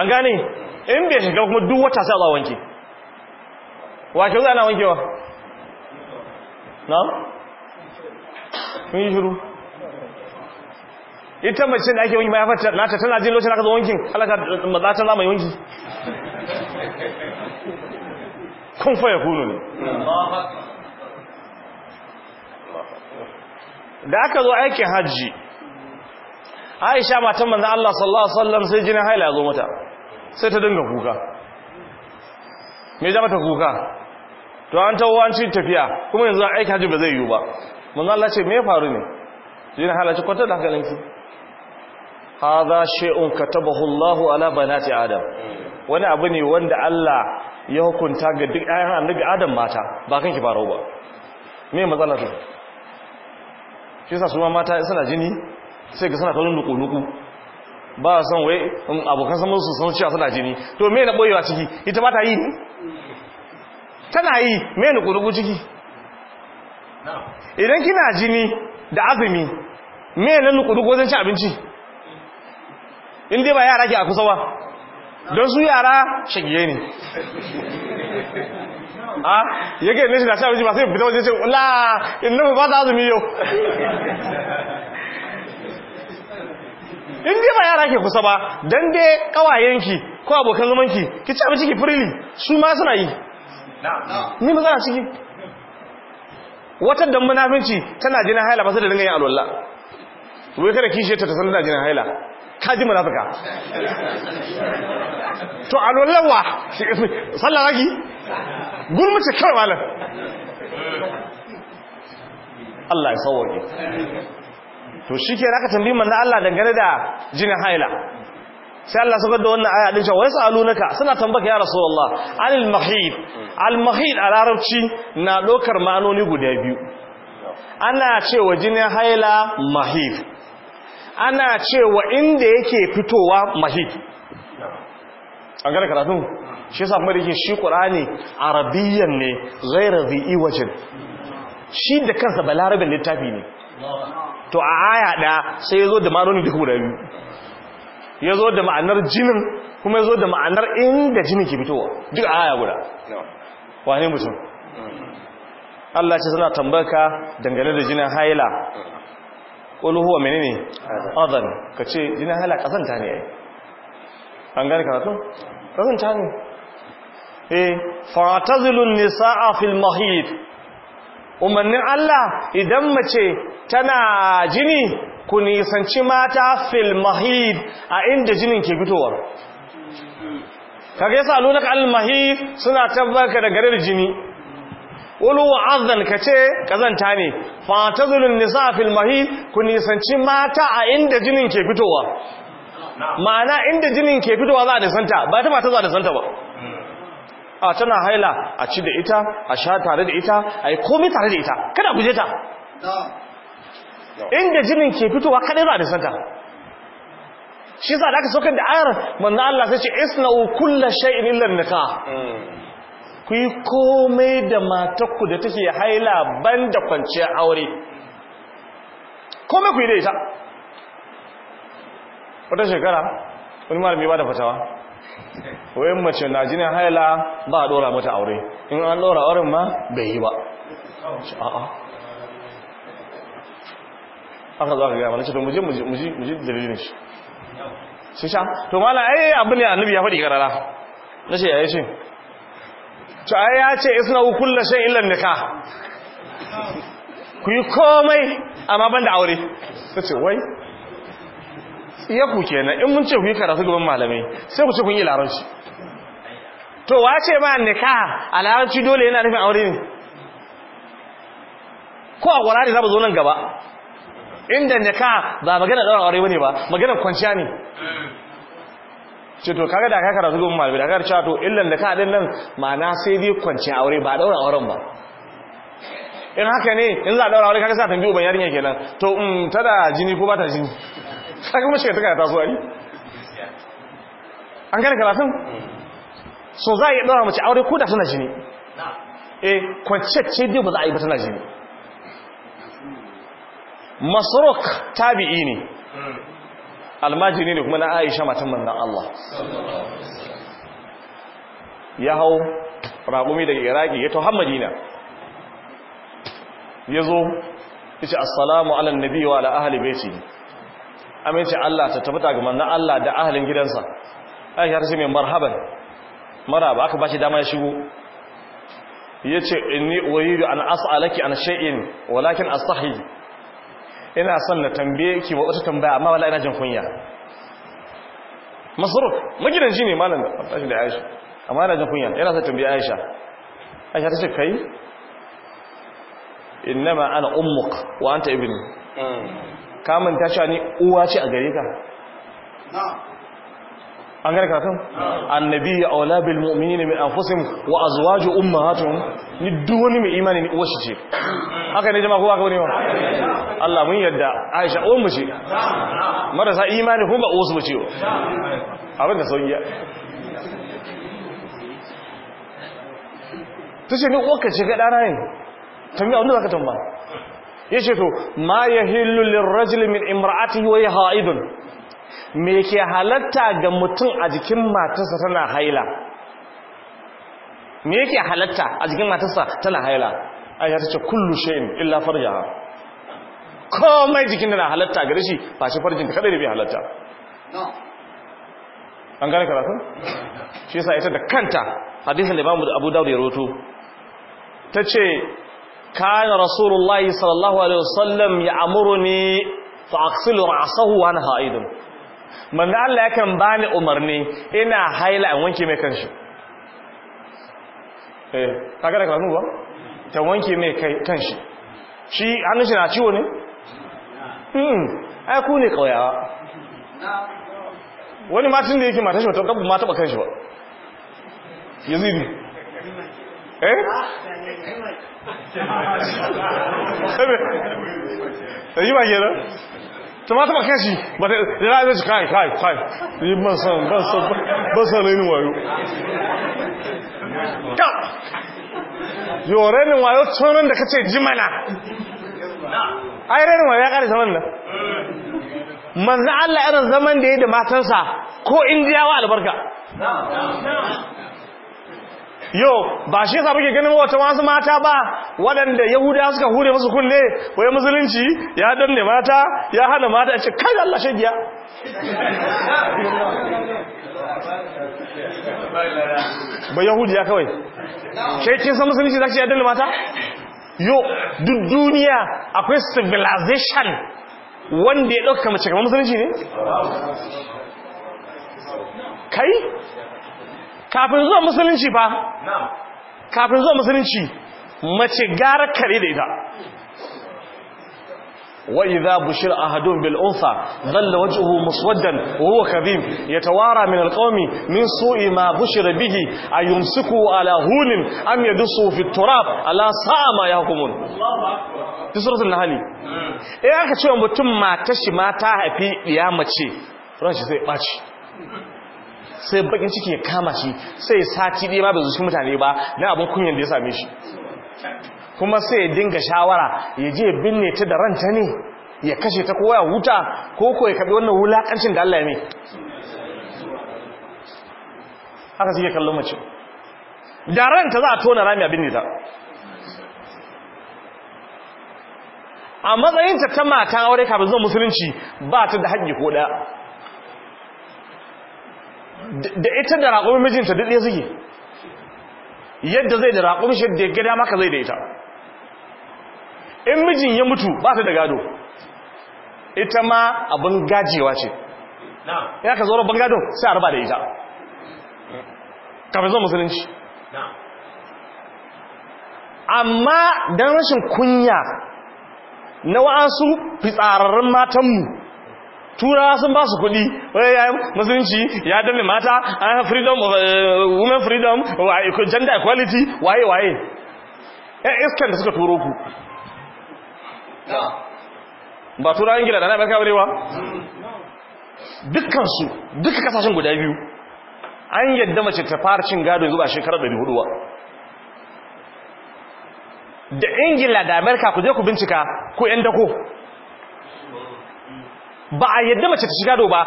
an gane in bai shiga kuma duk wata sai a wanke wake za na wanke wa na? kun yi shiru ita mace da ake wanke mahaifar nata tana jin lokacin aka zo wankin halaka maza ta zama wanki kun faya kunu ne da aka zo aikin hajji aisha matan manzan Allah sallallahu Alaihi wasallam sai jinin haila zo mata sai ta dinga kuka me zama ta kuka to an tawancin tafiya kuma yanzu aikin hajji ba zai yiwu ba manzan Allah ce me faru ne jinin haila ce kwata da hankalinki za shay'un katabahu Allahu ala banati adam wani abu ne wanda Allah ya hukunta ga duk ayan annabi adam mata ba kanki faru ba me matsalar shi sa su mata suna jini sai ka suna kallon luku-luku ba san wai um, abokan samun su san cewa suna jini to me na boyewa ciki ita ba ta yi tana yi me luku ciki idan kina jini da azumi me na luku-luku wajen ci abinci in ba yara ke a kusa don su yara shagiye ne
[LAUGHS] a
yake ne shi na sha ba sai fita waje ce la inna ba ta azumi yau in dai ba yara ke kusa ba dan dai kawayenki ko abokan zamanki ki ci abinci ki firili su ma suna yi ni ba zana ciki wata dan munafinci tana jinin haila ba sai da dinga yin alwala wai kada kishe ta ta san tana jinin haila kaji munafika to alwallawa sallah zaki gurmace kawai malam Allah ya sauwaƙe to shi ke raka tambayi manzan Allah dangane da jinin haila sai Allah saukar da wannan aya dinka wai sa'alunaka suna tambaka ya Allah al mahid al mahid a larabci na ɗaukar ma'anoni guda biyu ana cewa jinin haila mahid ana cewa inda yake fitowa mahi an gane karatun shi sa kuma dake shi qur'ani arabiyyan ne zai razi wajh shi da kansa balarabin littafi ne to a aya da sai ya zo da ma'anoni duka guda biyu zo da ma'anar jinin kuma ya zo da ma'anar inda jinin ke fitowa duk a aya guda wane mutum Allah ce suna tambarka dangane da jinin haila ƙulu huwa mene ne Adan. ka ce jini hala azanta ne ya yi an gani karatu? azanta ne eh fatazilun nisa'a fil mahid umarnin Allah idan mace tana jini ku nisanci mata fil mahid a inda jinin ke fitowar kaga yasa alunaka al mahid suna tabbaka da garin jini wulu azan ka ce kazanta ne fatazulun nisa fil mahi ku nisanci mata a inda jinin ke fitowa ma'ana inda jinin ke fitowa za a nisanta ba ta mata za a nisanta ba a tana haila a ci da ita a sha tare da ita a yi komi tare da ita kada guje ta inda jinin ke fitowa kadai za a nisanta shi za da aka saukar da ayar manzan Allah sai ce isna'u kulla shay'in illa nikah ku yi komai da matakku da take haila ban da kwanciyar aure komai ku yi da ita wata shekara wani malami ba da fatawa wayan mace na jinin haila ba a dora mata aure in an dora auren ma bai yi ba a'a aka za ka gaya mana cikin muji muji jirgin shi shi sha to mala ai abin a annabi ya faɗi karara na shi ya yi shi to ai ya ce isna kullu shay illa nikah ku yi komai amma banda aure ce wai iya ku kenan in mun ce ku yi karatu gaban malamai sai ku ce kun yi laranci. to wace ma nikah a dole yana nufin aure ne ko a qur'ani za mu zo nan gaba inda nikah ba magana daura aure bane ba magana kwanciya ne ce to kaga da ka karatu gun malami da ka cewa to illan da ka din nan ma'ana sai dai kwanci aure ba daura auren ba in haka ne in za a daura aure kaga sa tambayi uban yarinya kenan to um mm, tada jini ko ba ta jini [LAUGHS] kaga mace ta karata so ai an gane karatun so za a iya daura mace aure ko da tana jini eh kwanciyacce dai ba za a yi ba tana jini masrok tabi'i ne hmm. almajiri ne kuma na aisha matan manzan Allah ya hau raƙumi daga iraki ya tohon madina ya zo ya ce assalamu ala nabi wa ala ahali beti amince Allah ta tabbata ga manzan Allah da ahalin gidansa An yi ce mai marhaban maraba aka ba shi dama ya shigo ya ce inni da an alaki an sha'in walakin astahi ina son na tambaye ki wata tambaya amma wala ina jin kunya masruf magidanci ne malam tashi da Aisha amma ina jin kunya ina son tambaye Aisha Aisha ta ce kai innama ana ummuk wa anta ibni hmm. ka manta cewa ni uwa ce a gare ka an gane karatun annabi ya aula bil mu'minina min anfusihim wa azwaju ummahatuhum ni duk wani mai imani ne uwarshi ce haka ne jama'a ko haka ne ba Allah mun yadda Aisha uwar mu ce marasa imani kuma ba uwarsu ba ce abin da sauki ta ce ni uwarka ce ga ɗana ne tambaya wanda za ka tambaya ya ce to ma ya hillu lirrajul min imra'atihi wa ya ha'idun me ke halatta ga mutum a jikin matarsa tana haila me yake halatta a jikin matarsa tana haila aisha ta ce kullu shay'in illa farjaha komai jikin na halatta gare shi ba shi farjin kada da bai halatta an gane karatu shi yasa ita da kanta hadisin da Imam Abu Dawud ya roto tace kana rasulullahi sallallahu alaihi wasallam amuruni fa aghsilu ra'sahu wa anha aidan manzo Allah yakan bani umarni ina haila an wanke mai kanshi eh kaga da kanu ba ta wanke mai kanshi shi hannun shi na ciwo ne hmm ai ku ne kauyawa wani matin da yake mata shi wata kabu ma taba kanshi ba yazidi eh
sai yi ba kenan
ta ma taba kashi ba ta yana zai kai kai kai yi ban san ban ban rainin wayo ka yo rainin wayo tunan da ka ce jimana ai rainin wayo ya kare zaman nan manzan Allah irin zaman da ya da matansa ko indiyawa albarka yo ba shi yasa muke ganin wata masu mata ba waɗanda yahuda suka hure musu kunne wai musulunci ya danne mata ya hana mata ya ce kai Allah shagiya ba yahudiya kawai kai kin san musulunci zaki ya danne mata yo duk duniya akwai civilization wanda ya ɗauka mace kamar musulunci ne kai kafin zuwa musulunci ba kafin zuwa musulunci mace gara kare da ita وإذا بشر أحدهم بالأنثى ظل وجهه مسودا وهو كظيم يتوارى من القوم من سوء ما بشر به أيمسكه على هون أم يدسه في التراب ألا ساء ما يحكمون في سورة النحل إيه أكا تشوى متم ما تشي ما تهفي يا مچي رانش سي ماشي sai bakin ciki ya kama shi sai sati ɗaya ba bai zuci mutane ba na abin kunyan da ya same shi kuma sai ya dinga shawara ya je binne ta da ranta ne ya kashe ta kowa ya huta ko ko ya kaɓi wannan wulaƙancin da Allah ya ne haka suke kallon mace da ranta za a tona rami a binne ta a matsayinta ta mata aure kafin zuwa musulunci ba ta da haƙƙi ko ɗaya da ita da raƙumin mijinta duk ya suke yadda zai da raƙumin shi da ya gada maka zai da ita in mijin ya mutu ba ta da gado ita ma abin gajewa ce ya ka zaura ban gado sai a raba da ita kafin zuwa musulunci amma don rashin kunya na wa'ansu fitsararren matanmu turawa sun ba su kuɗi musulunci ya dame mata freedom eh, women freedom gender equality waye waye ya iskan da suka turo ku ba an gida da na barka barewa dukkansu duka kasashen guda biyu an yadda mace ta fara cin gado yanzu ba shekarar 400 da ingila da amerika ku je ku bincika ku 'yan dako ba a yadda mace ta shiga do ba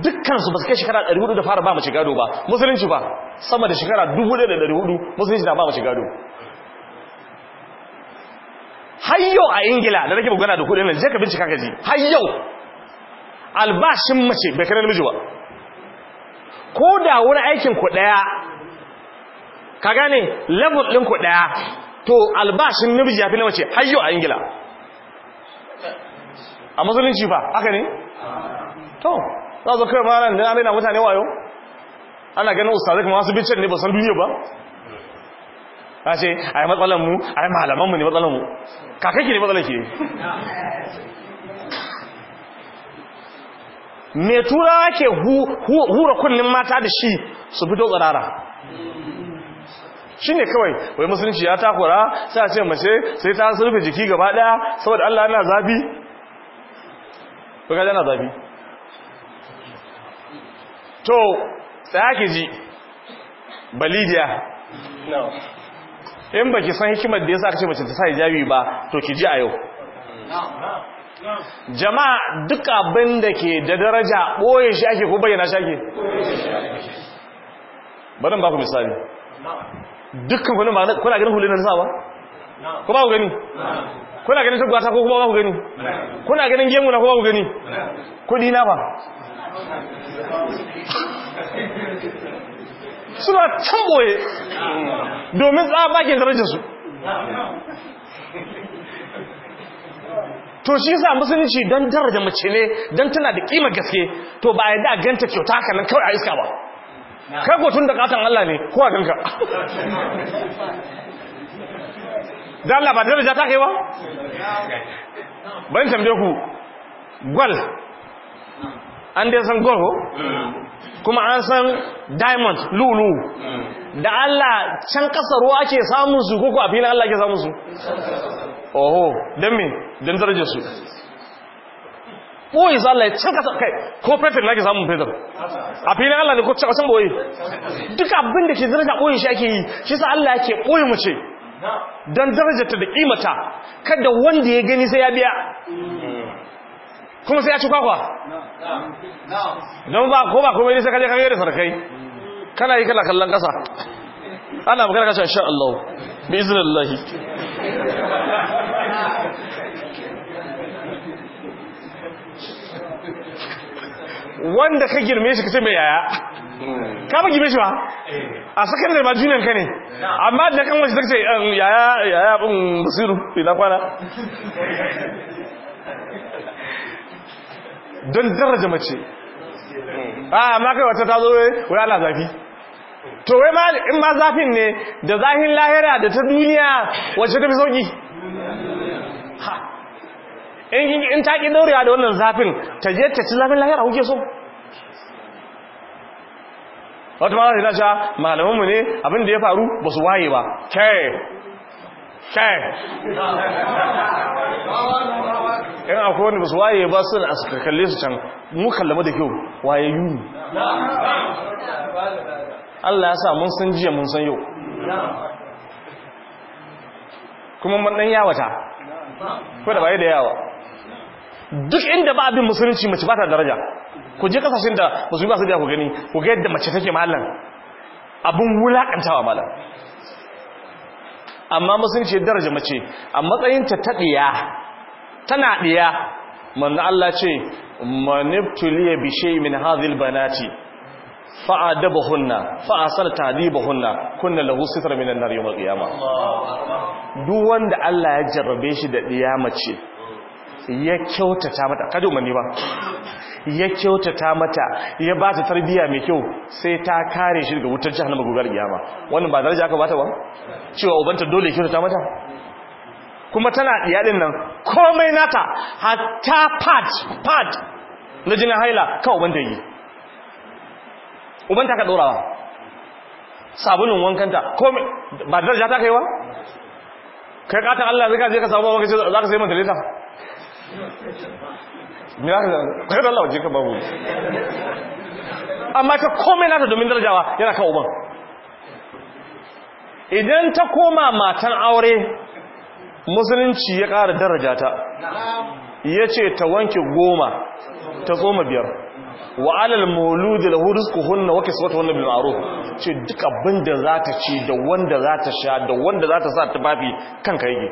dukkan su ba su kai shekara 400 da fara ba mace gado ba musulunci ba sama da shekara 1400 musulunci na ba mace gado har yau a ingila da nake magana da kudin nan je ka bincika ka ji har yau albashin mace bai kai namiji ba ko da wani aikin ku daya ka gane level din ku daya to albashin namiji fi na mace har yau a ingila a musulunci ba haka ne to za zo kai maran da na mutane wayo ana ganin ustazai kuma wasu bincin ne ba san duniya ba ta ce a yi matsalanmu a yi malaman mu ne matsalanmu mu kakaki ne matsalan ke me tura ke hura kunnin mata da shi su fito tsarara shi ne kawai wai musulunci ya takura sai a ce mace sai ta surfe jiki gaba daya saboda allah yana zafi to jana zafi to sai ki ji balidiya in baki san hikimar da yasa aka ce mace ta sa hijabi ba to ki ji a yau jama'a duk abin da ke da daraja ɓoye shi ake ko bayyana shi ake bari ba ku misali dukkan kuna ganin hulun na sawa? ba ku gani kuna ganin shugata ko kuma ba ku gani kuna ganin gemu na ko ba ku gani kudi na ba suna can boye domin tsabakin darajarsu to shi sa musulunci tara daraja mace ne don tana da kima gaske to ba ya da ganta kyauta haka nan kawai a iska ba kai ko da katon Allah ne ko a ganka da Allah ba ta da ta kai ba Ban tambaye ku gwal an dai san gwal kuma an san diamond lulu da Allah can kasar ruwa ake samun su koko a filin Allah ake samun su oho don me don zarge su boye za Allah ya can kasar kai ko fetur na ke samun fetur a filin Allah ne ko can boye duk abin da ke a boye shi ake yi shi sa Allah ya ke boye mu ce don darajarta da kimata kada wanda ya gani sai ya biya kuma sai ya ci kwakwa don ba ko ba kuma yi sai kaje kage da sarkai kana yi kana kallon kasa ana bukar kashe shan Allah bi iznillah wanda ka girme shi kace mai yaya ka gibe shi ba a sakandare da majinan ka ne amma da kan wasu take ce um, yaya bin basiru ila kwana don daraja mace a amma kai wata ta zo eh, wai ana zafi to wai ma in ma zafin ne da zahin lahira da ta duniya wacce ta fi sauki in ta ki daurewa da wannan zafin ta je ta ci zafin lahira kuke so wata mara da ta malamanmu ne abin da ya faru ba su waye ba kai kai yan akwai wani ba su waye ba su da suka kalle su can mu kallama da kyau waye yuni Allah ya sa mun san jiya mun san yau kuma manɗan yawata ko da bai da yawa duk inda ba abin musulunci mace ba ta daraja ku je kasashen da musulmi ba su da ku gani ku ga yadda mace take malam abun wulakantawa malam amma musulunci daraja mace a matsayinta ta ɗiya tana ɗiya manna Allah ce maniptuliya bishe min hazil banati fa'adabahunna fa'asal tadibahunna kunna lahu sitra min an-nar yawm al duk wanda Allah ya jarrabe shi da ɗiya mace ya kyautata mata kaje umarni ba ya kyautata mata ya ba ta tarbiya mai kyau sai ta kare shi daga wutar jahannama gogar kiyama wannan ba daraja aka bata ba cewa ubanta dole kyautata mata kuma tana iyalin nan komai nata hatta pad pad na jinin haila ka ubanta yi ubanta ka dorawa sabunin wankanta komai ba daraja ta wa? kai katon Allah zai ka je ka samu ba ka sai mata leta me za ka zai da lauje babu amma ka komai nata domin darajawa yana kawo ban idan ta koma matan aure musulunci ya ƙara daraja ta ya ce ta wanke goma ta tsoma biyar wa alal mauludi da hurisku hunna wake su wata wannan bilmaro ce duk abin da za ta ci da wanda za ta sha da wanda za ta sa tufafi kanka yi.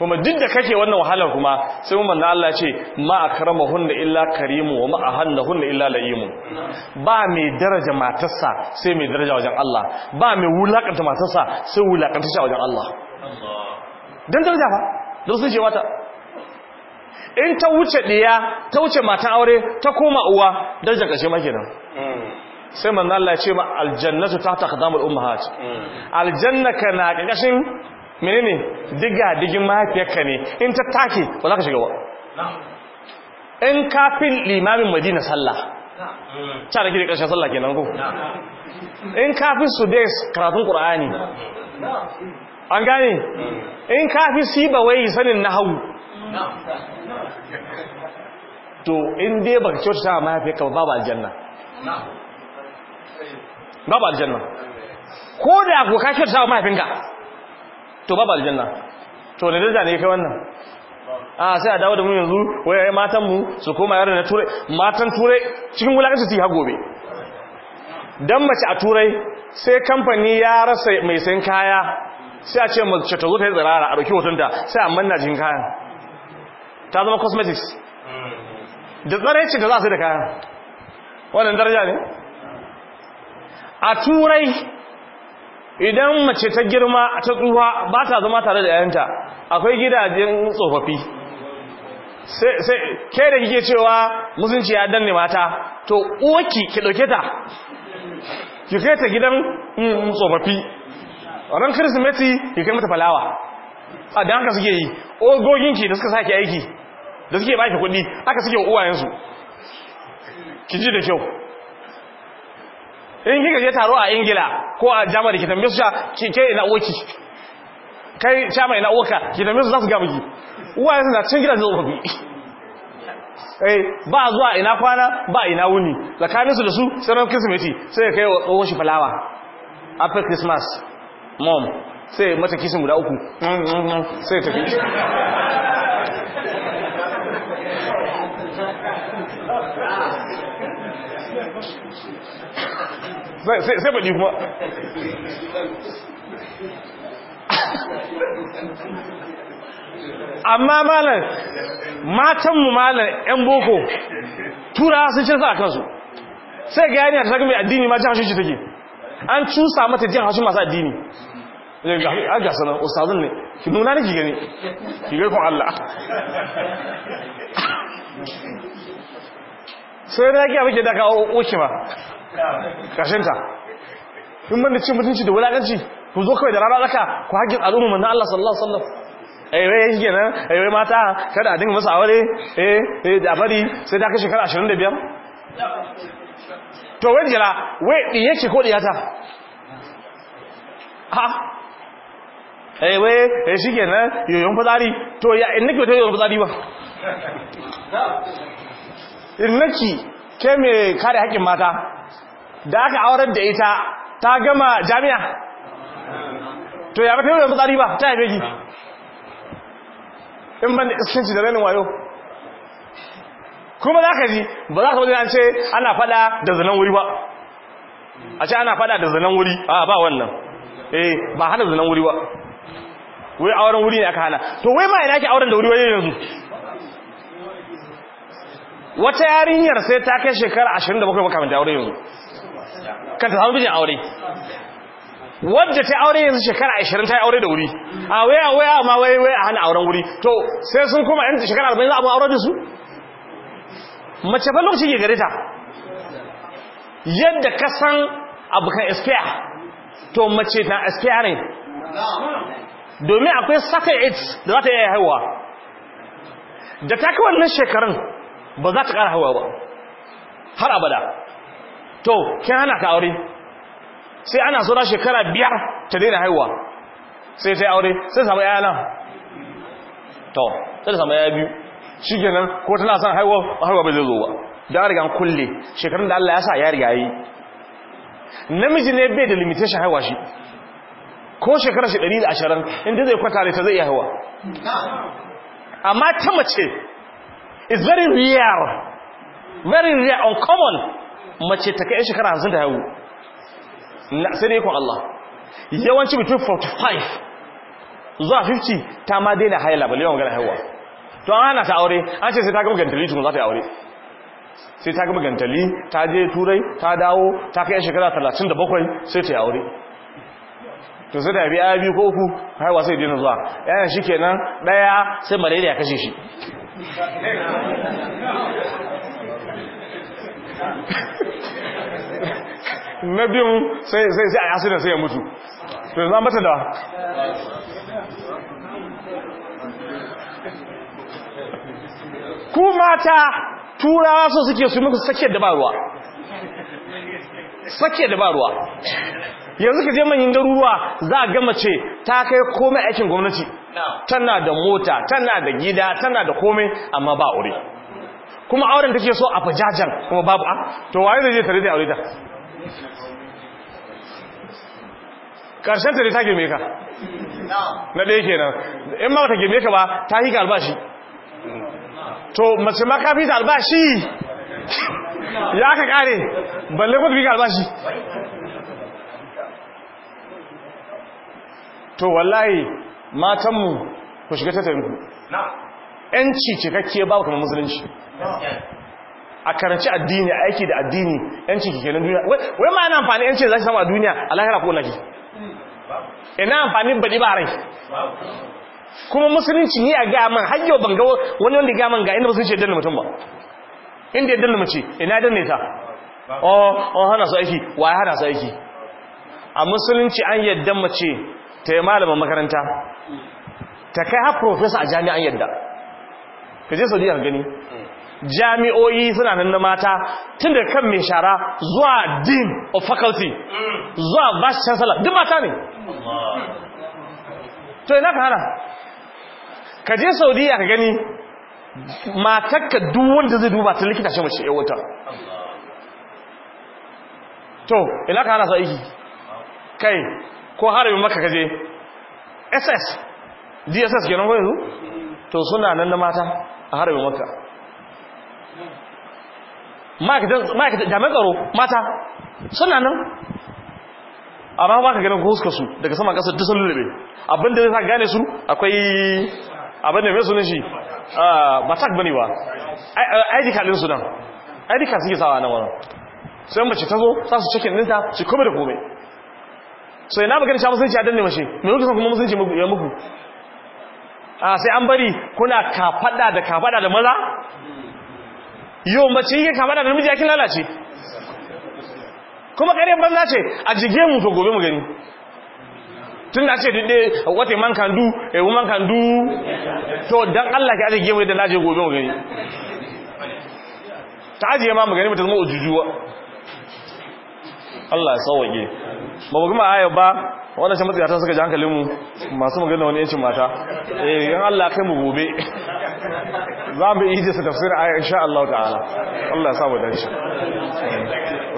kuma duk da kake wannan wahalar kuma sai mun manzo Allah ce ma akramahunna illa karimu wa ma ahannahunna illa Layimu. ba mai daraja matarsa sai mai daraja wajen Allah ba mai wulakanta matarsa sai wulakanta shi wajen Allah dan daraja fa don sun ce mata in ta wuce diya ta wuce matan aure ta koma uwa darajar kashe ma kenan sai manzo Allah ya ce ma aljannatu tahta qadamul ummahat mm. Aljannaka na kakashin menene diga digin mahaifiyarka ne in ta take ba za ka shiga ba in kafin limamin madina sallah ta da gida da ƙarshen sallah kenan ko in kafin su dai karatun ƙura'ani an gane in kafin su yi wai sanin na hau to in dai ba kyauta mahaifiyarka ba ba aljanna Ba ba aljanna ko da ku ka kyauta mahaifinka to babu aljanna to ne daraja ne kai wannan a sai a dawo da mu yanzu waye matan mu su koma yaron na turai matan turai cikin wulakanci su yi hagobe dan mace a turai sai kamfani ya rasa mai sayan kaya sai a ce mace ta zo ta yi tsirara a ɗauki hotunta sai a manna jin kayan ta zama cosmetics da ce da za su da kayan wannan daraja ne a turai idan mace ta girma ta tsuwa ba ta zama tare da yayanta akwai gidajen tsofaffi sai ke da kike cewa musunci ya danne mata to uwaki ki dauke ta ki kai ta gidan mm, tsofaffi ran kirsimeti ki kai mata falawa a dan haka suke yi ki da suka saki aiki da suke baki kuɗi haka suke uwayensu ki ji da kyau in kika je taro a ingila ko a jamani ki tambaye su sha ke ina uwaki kai sha mai ina uwaka ki tambaye su za su ki uwa ya suna cin gida zai eh ba zuwa ina kwana ba ina wuni tsakanin su da su sanar kirsimeti sai ya kai wa tsohon shi falawa after christmas mom sai mata kisin guda uku sai tafi [LAUGHS] sai baɗi kuma amma malam matanmu malar 'yan boko tura sun shirsa a kansu sai ga yanayi ta mai addini ma jihar shi take an cusa mata jihar hashin masu addini a gasa nan ustazin ne ki nuna ne ki gani ki Allah sai na giya muke da kawo oki ba ƙarshinta in ban da cin mutunci da wulaƙanci ku zo kawai da rana raka ku haƙin al'umma manna Allah sallallahu alaihi wasallam aiwai shi kenan aiwai mata kada a dinga masa aure eh eh da bari sai da kashi kar 25 to wai jira wai diye ce ko yata ha aiwai eh shi kenan yoyon fitsari to ya in nake to yoyon fitsari ba innaki ke me kare haƙƙin mata da aka aurar da ita ta gama jami'a to ya ba ta yi tsari ba ta yi ki in ban da iskanci da renin wayo kuma za ka ji ba za ka wajen an ce ana fada da zanen wuri ba a ce ana fada da zanen wuri a ba wannan eh ba hana zanen wuri ba wai auren wuri ne aka hana to wai ma yana ke auren da wuri wai yanzu wata yarinyar sai ta kai shekara 27 makamanta aure yanzu ka ta samu bijin aure wadda ta aure yanzu shekara 20 ta yi aure da wuri a waya waya ma waya waya a hana auren wuri to sai sun koma yan shekara 40 za aure da su mace fa lokaci ke gare ta yadda ka san abu kan expire to mace na ne. domin akwai saka aids da za ta iya haihuwa da ta kai wannan shekarun ba za ta ƙara hawa ba har abada to kin hana ta aure sai ana saura shekara biyar ta daina haihuwa sai ta yi aure sai samu yaya nan to sai ta samu yaya biyu shi kenan ko tana son haihuwa haihuwa ba zai zo ba da rigan kulle shekarun da Allah ya sa ya riga yi namiji ne bai da limitation haihuwa shi ko shekara shi 120 inda zai kwata ne ta zai iya haihuwa amma ta mace Is very rare. Very rare, common Mace ta kai shekara hamsin da haihu. Sai dai kun Allah. Yawanci between 45 zuwa 50 ta ma daina haila ba yawan magana haihuwa. To an hana ta aure, an ce sai ta gama gantali tun za ta yi aure. Sai ta gama gantali, ta je turai, ta dawo, ta kai shekara 37 sai ta yi aure. to sai da biya biyu ko uku haiwa sai daina zuwa shi shikenan daya sai malaria kashe shi na biyu sai sai a da sai ya mutu to za mata da ku mata turawa su suke su muku sake dabaruwa sake dabaruwa yanzu ka je manyan garuruwa za a gama ce ta kai komai aikin gwamnati tana da mota tana da gida tana da komai amma ba aure kuma auren take so a fajajan kuma babu a to waye zai je tare da aure ta karshen ta ta girme ka na ɗaya kenan in ma ta girme ka ba ta hika albashi to mace ma ka fita albashi ya ka kare balle ko ta fika albashi to wallahi matanmu ku shiga tattalinku ‘yanci cikakke babu kamar musulunci a karanci addini a aiki da addini ‘yanci ke nan duniya wai ma ana amfani ‘yanci da za shi samu a duniya a lahira ko naki ina amfani baɗi ba rai kuma musulunci ni a gaman har yau ban ga wani wanda man ga inda musulunci ya danna mutum ba inda ya danna mace ina danne ta oh, oh hana su aiki wa ya hana su aiki a musulunci an yadda mace ta yi malamin makaranta ta kai haka profesa a jami'an yadda ka je saudiya gani jami'oyi suna nan na mata tun da kan mai shara zuwa dean of faculty zuwa vice chancellor duk mata ne to ina ka hana ka je saudiya ka gani matakka duk wanda zai duba ta likita shi mace yawata to ina ka hana su kai ko harbin maka kaje ss dss kenan ko yanzu to suna nan na mata a harbin maka ma'aikatan jami'an tsaro mata suna nan amma ba ka ganin huskar su daga sama kasar ta sallulabe abinda zai zai gane su akwai abinda mai sunan shi ba matak bane ba aidi kalin uh, su nan aidi suke sawa nan wani sai mace ta zo za su cikin ninta su kome da kome so ina magana cewa musulunci a danne mashi me kuka kuma musulunci ya muku a sai an bari kuna kafada da kafada da maza yau mace yi kafada da namiji yakin lalace kuma kare banza ce a jige mu to gobe mu gani tun da ce dinde wata a man can do a woman kan du to dan Allah ki ajiye mu da laje gobe mu gani ta ajiye ma mu gani mu ta zama ujujuwa Allah ya sauwaƙe ba bugu ma aya ba wannan shi matsayata suka ji hankalinmu mu masu magana wani yancin mata eh yan Allah kai mu gobe za mu yi da tafsir aya insha Allah ta'ala Allah ya sa mu
dace